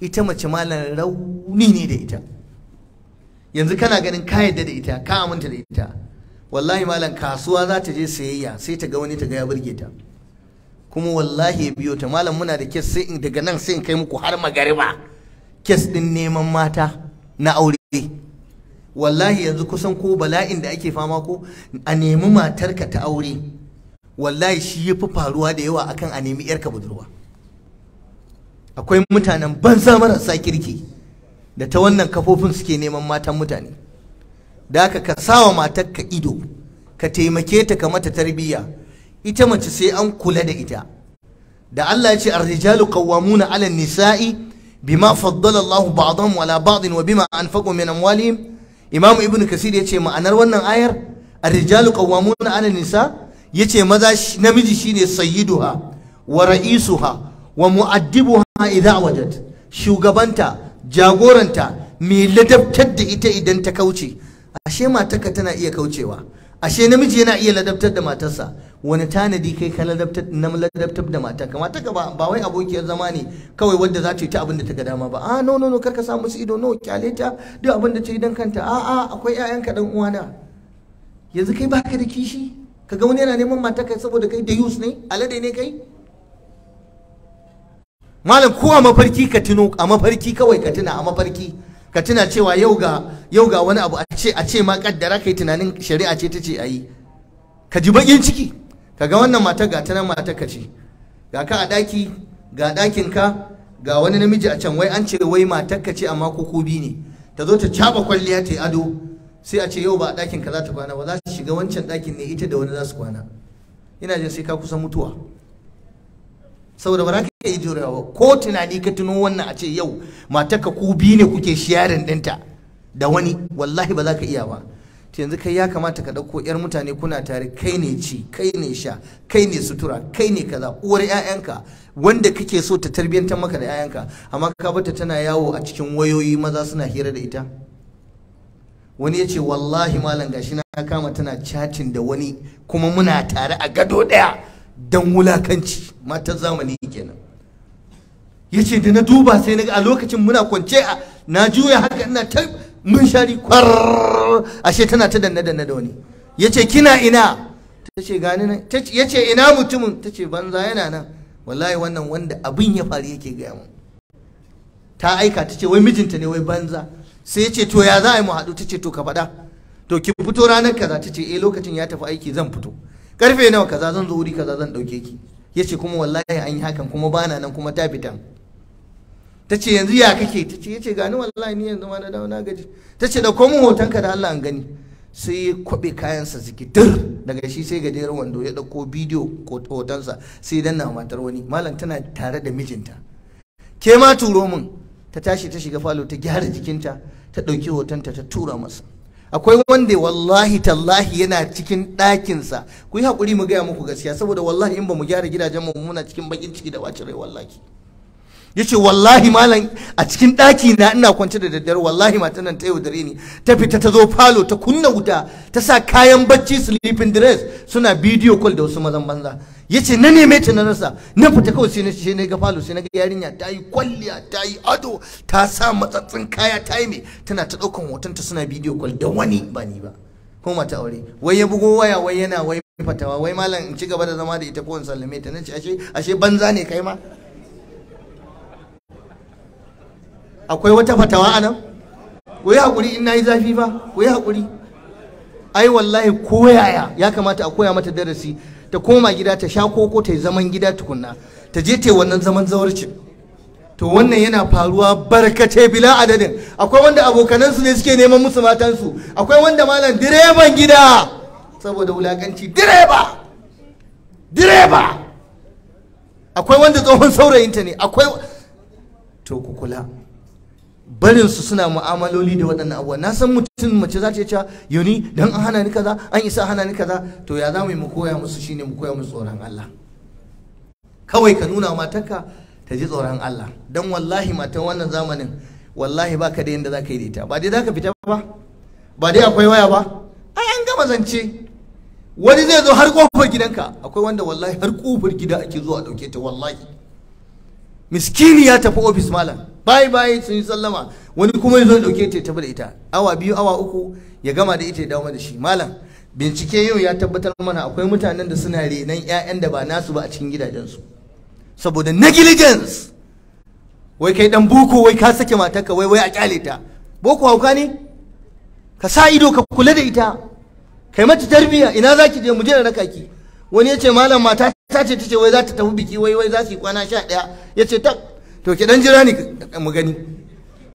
ita mace malam rauni ne da ita yanzu kana ganin ka yadda da ita ka aminta da ita wallahi malam kasuwa za ta je sayayya sai ta ga wani ta ga ya burge ta kuma wallahi ya biyo ta malam muna da kes sai daga nan sai in kai muku har magariba kes din neman mata na aure wallahi yanzu kusan ko bala'in da ake fama ko a nemi matarka ta aure wallahi shi ya fi faruwa da yawa akan a nemi yarka budurwa akwai mutanen banza marasa kirki da ta wannan kafofin suke neman matan mutane da aka ka sawa matarka ido ka taimake ta ka mata tarbiyya ita mace sai an kula da ita da Allah ya ce ar-rijalu qawwamuna 'ala an-nisa'i bima faddala Allah ba'dahum 'ala ba'din wa bima anfaqu min amwalihim imam ibn kasir ya ce ma'anar wannan ayar a rijalu na ana nisa yace maza namiji shine sayyiduha wa ra'isuha wa mu'addibuha idha wajad shugabanta jagoranta mai ladabtar da ita idan ta kauce ashe matarka tana iya kaucewa ashe namiji yana iya ladabtar da matarsa wani tanadi kai ka ladabtar da mata kamata ka ba wai abokiyar zama ne kawai wadda za ta yi ta abin da ta ga dama ba a ah, no no no kar ka samu su ido no kyale ta duk abin da ta yi dan kanta a ah, a ah, akwai ƴaƴan ka dan uwana yanzu kai baka da kishi ka ga wani yana neman mata kai saboda kai da yus ne alade ne kai malam ko a mafarki ka tuno a mafarki kawai ka tuna a mafarki ka tuna cewa yau ga yau ga wani abu a ce a ce ma kaddara kai tunanin shari'a ce ta ce ayi ka ji bakin ciki kaga wannan mata ga ta nan mata ka ce ga ka a daki ga dakin ka ga wani namiji a can wai an ce wai matar ka ce amma ko kobi ne ta zo ta caba kwalliya ta yi ado sai a ce yau ba a dakin ka za ta kwana ba za su shiga wancan dakin ne ita da wani za su kwana ina jin sai ka kusa mutuwa saboda ba za ka iya ba, ko tunani ka tuno wannan a ce yau matar ka ku biyu ne kuke shiyarin ɗinta da wani wallahi ba za ka iya ba yanzu kai ya kamata ka ɗauko 'yar mutane kuna tare kai ne ci kai ne sha kai ne sutura kai ne kaza uwar 'ya'yanka wanda kake so ta tarbiyyantar maka da 'ya'yanka amma ka bata tana yawo a cikin wayoyi maza suna hira da ita wani ya ce wallahi malam gashi na kama tana cacin da wani kuma muna tare a gado ɗaya don wulakanci matan zamani kenan ya ce da na duba sai na a lokacin muna kwance a na juya haka ina mun shari kwar ashe tana ta danne danne da wani Ya ce, kina ina Ta ce, gani nan Ya ce, ina mutumin Ta ce, banza yana nan wallahi wannan wanda abin ya faru yake gaya mun ta aika Ta ce, wai mijinta ne wai banza sai ya ce, to ya za a yi mu haɗu Ta ce, to ka faɗa to ki fito ranar kaza Ta ce, eh lokacin ya tafi aiki zan fito karfe nawa kaza zan zo wuri kaza zan ɗauke ki Ya ce, kuma wallahi an yi hakan kuma bana nan kuma ta fitan ta ce yanzu ya kake ta ce ya ce gani wallahi ni yanzu ma na dawo na gaji ta ce da komin hotonka da Allah an gani sai ya kwabe kayansa zikitir daga shi sai gajeren wando ya ɗauko bidiyo ko hotonsa sai danna matar wani malam tana tare da mijinta ke ma turo min ta tashi ta shiga falo ta gyara jikinta ta ɗauki hotonta ta tura masa akwai wanda wallahi tallahi yana cikin ɗakinsa ku yi haƙuri mu gaya muku gaskiya saboda wallahi in ba mu gyara gidajen mu muna cikin baƙin ciki da wacin rai wallahi ya ce wallahi malam a cikin ɗaki na ina kwance da daddare wallahi matan nan ta yau dare ni ta fita ta zo falo ta kunna wuta ta sa kayan bacci sleeping dress suna bidiyo call da wasu mazan banza ya ce na neme ta na rasa na fita kawai sai na shi na ga falo sai na ga yarinya ta yi kwalliya ta yi ado ta sa matsatsin kaya ta yi mai tana ta ɗaukan hoton ta suna bidiyo call da wani ba ni ba ko mata aure wai ya bugo waya wai yana wai fatawa wai malam in ci gaba da zama da ita ko in sallame ta na ce ashe ashe banza ne kai ma akwai wata fatawa anan ku yi haƙuri in na yi zafi fa ku yi haƙuri ai wallahi koyaya ya kamata a koya mata darasi ta koma gida ta sha koko ta yi zaman gida tukunna ta je ta yi wannan zaman zawarcin to wannan yana faruwa barkace bila adadin akwai wanda abokanansu ne suke neman musu matansu akwai wanda malam direban gida saboda wulakanci direba direba akwai wanda tsohon saurayinta ne akwai to ku kula barin su suna mu'amaloli da waɗannan abuwa na san mutum mace za ta cewa yoni dan an hana ni kaza an isa hana ni kaza to ya za mu mu koya musu shine mu koya musu tsoron Allah kawai ka nuna matarka ta ji tsoron Allah dan wallahi matan wannan zamanin wallahi baka da yanda zaka yi da ita ba dai zaka fita ba ba dai akwai waya ba ai an gama zance wani zai zo har kofar gidanka akwai wanda wallahi har kofar gida ake zuwa dauke ta wallahi miskini ya tafi ofis malam bayi bayi sun yi sallama wani kuma ya zo ya dauke ta ya da ita awa biyu awa uku ya gama da ita ya dawo da shi malam bincike yau ya tabbatar mana akwai mutanen da suna renon 'ya'yan da ba nasu ba a cikin gidajensu saboda negligence wai kai dan boko wai ka sake matarka wai wai a kyale ta boko hauka ne ka sa ido ka kula da ita kai mata tarbiya ina zaki je mu je raka ki wani ya ce malam mata ta ce tace wai za ta tafi biki wai wai za su yi kwana sha ɗaya ya ce ta to ki dan jira ni mu gani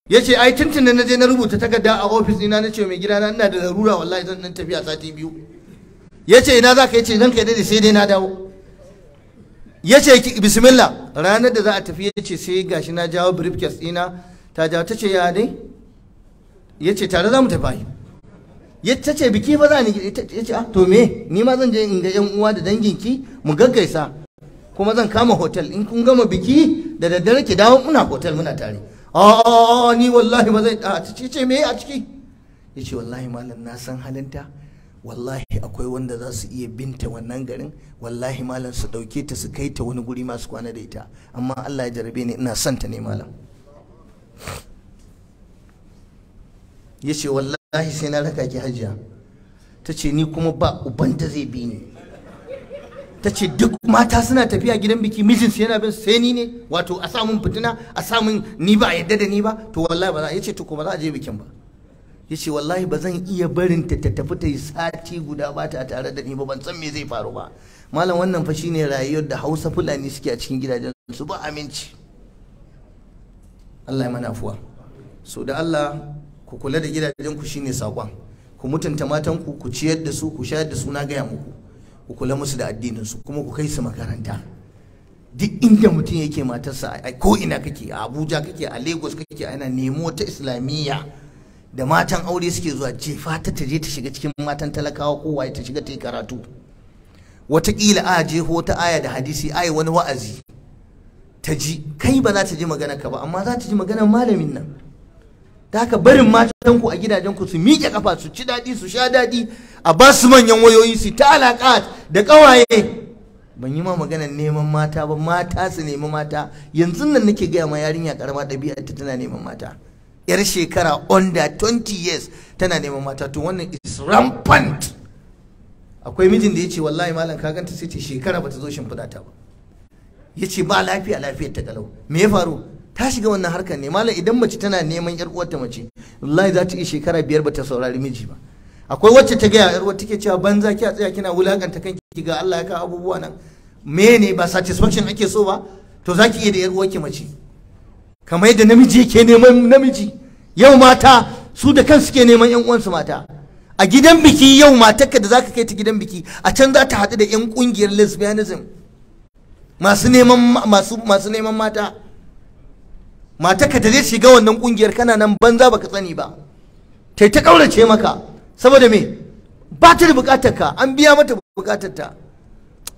ya ce ai tuntun na je na rubuta takarda a ofis ina na ce mai gida na ina da larura wallahi zan nan tafiya sati biyu ya ce ina za ka ce zan kai dai sai dai na dawo ya ce bismillah ranar da za a tafi ya ce sai gashi na jawo briefcase ɗina ta jawo ta ce ya ne ya ce tare za mu tafi ya ce biki ba za ni ya ce ah to me ni ma zan je in ga yan uwa da danginki mu gaggaisa kuma zan kama hotel in kun gama biki da daddare ki dawo muna hotel muna tare a ni wallahi ba zai ta ah, ce me a ciki ya ce wallahi malam na san halinta wallahi akwai wanda za su iya binta wannan garin wallahi malam su dauke ta su kai ta wani guri masu kwana da ita amma allah ya jarabe ni ina son ta ne malam ya ce wallahi lahi sai na raka ki hajiya ta ce ni kuma ba ubanta zai bi ni ta ce duk mata suna tafiya gidan biki mijinsu yana bin sai ni ne wato a samun fitina a samun ni ba yadda da ni ba to wallahi ba za ya to kuma za a je bikin ba yace wallahi ba zan iya barin ta ta tafi ta yi sati guda ba ta tare da ni ba ban san me zai faru ba malam wannan fa shine rayuwar da hausa fulani suke a cikin gidajen su ba aminci Allah ya mana afuwa so da Allah ku kula da ku shine sakon ku mutunta matanku ku ciyar da su ku shayar da su na gaya muku ku kula musu da addinin su kuma ku kai su makaranta duk inda mutum yake matarsa a ko ina kake a abuja kake a lagos kake ana nemo ta islamiyya da matan aure suke zuwa jefa ta ta je ta shiga cikin matan talakawa waye ta shiga ta yi karatu wataƙila a jeho ta aya da hadisi ai wani wa'azi ta ji kai ba za ta ji magana ka ba amma za ta ji maganar malamin nan Zaka haka barin ku a ku su miƙe kafa su ci daɗi su sha daɗi a ba su manyan wayoyi su ta alaƙa da ƙawaye ban yi ma maganar neman mata ba mata su nemi mata yanzu nan nake gaya ma yarinya karama ɗabi'a ta tana neman mata yar shekara under 20 years tana neman mata to wannan is rampant akwai mijin da ya ce wallahi malam ka ganta sai ce shekara bata zo shimfiɗa ta ba ya ce ba lafiya lafiyar ta galau me ya faru ta shiga wannan harkar ne malam idan mace tana neman yar uwarta mace wallahi za ta yi shekara biyar ba ta saurari miji ba akwai wacce ta gaya yar uwar take cewa banza ki a tsaya kina wulakanta kanki ga Allah ya ka abubuwa nan Mene ba satisfaction ake so ba to za ki iya da yar uwarki mace kamar yadda namiji yake neman namiji yau mata su da kansu ke neman yan uwansu mata a gidan biki yau matarka da zaka kai ta gidan biki a can za ta haɗu da yan kungiyar lesbianism masu neman masu neman mata matarka ta zai shiga wannan kungiyar kana nan banza baka sani ba tai ta kaurace maka saboda me ba ta da bukatar an biya mata bukatar ta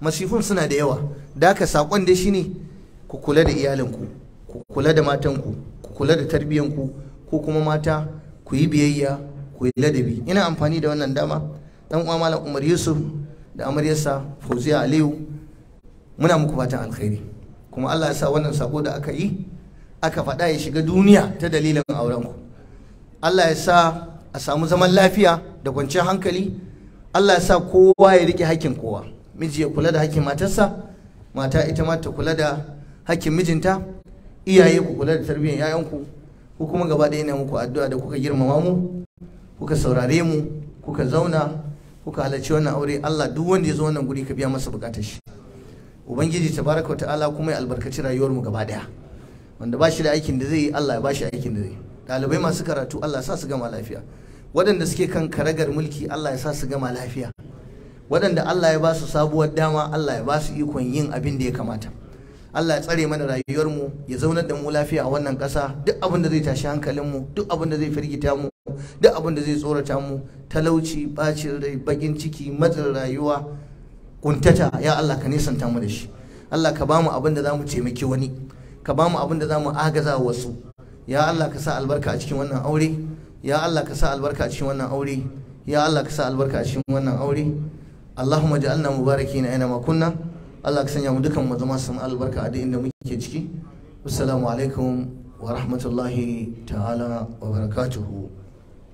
masifun suna da yawa da haka sakon da ne, ku kula da iyalinku ku kula da matanku ku kula da tarbiyyanku ko kuma mata ku yi biyayya ku yi ladabi ina amfani da wannan dama dan uwa malam Umar Yusuf da amaryarsa Fauziya Aliyu muna muku fatan alkhairi kuma Allah ya sa wannan sako da aka yi aka faɗa ya shiga duniya ta dalilin aurenku Allah ya sa a samu zaman lafiya da kwanciyar hankali Allah ya sa kowa ya riƙe hakkin kowa miji ya kula da hakkin matarsa mata ita ma ta kula da hakkin mijinta iyaye ku kula da tarbiyyar 'ya'yanku ku kuma gaba ɗaya ne muku addu'a da kuka girmama mu kuka saurare mu kuka zauna kuka halarci wannan aure Allah duk wanda ya zo wannan guri ka biya masa bukatar shi ubangiji tabaraka wa ta'ala kuma ya albarkaci rayuwar mu gaba ɗaya wanda ba shi da aikin da zai yi Allah ya ba shi aikin da zai yi ɗalibai masu karatu Allah ya sa su gama lafiya waɗanda suke kan karagar mulki Allah ya sa su gama lafiya waɗanda Allah ya ba su sabuwar dama Allah ya ba su ikon yin abin da ya kamata Allah ya tsare mana rayuwarmu ya zaunar da mu lafiya a wannan ƙasa duk abin da zai tashi hankalinmu duk abin da zai firgita mu duk abin da zai tsorata mu talauci bacin rai bakin ciki matsin rayuwa kuntata ya Allah ka nisanta mu da shi Allah ka bamu abin da za mu taimaki wani ka ba mu abin da za mu agaza wasu ya Allah ka sa albarka a cikin wannan aure ya Allah ka sa albarka a cikin wannan aure ya Allah ka sa albarka a cikin wannan aure Allahumma ja'alna mubarakin aina ma kunna Allah ka sanya mu dukan mu zama sun albarka a duk inda muke ciki assalamu alaikum wa rahmatullahi ta'ala wa barakatuhu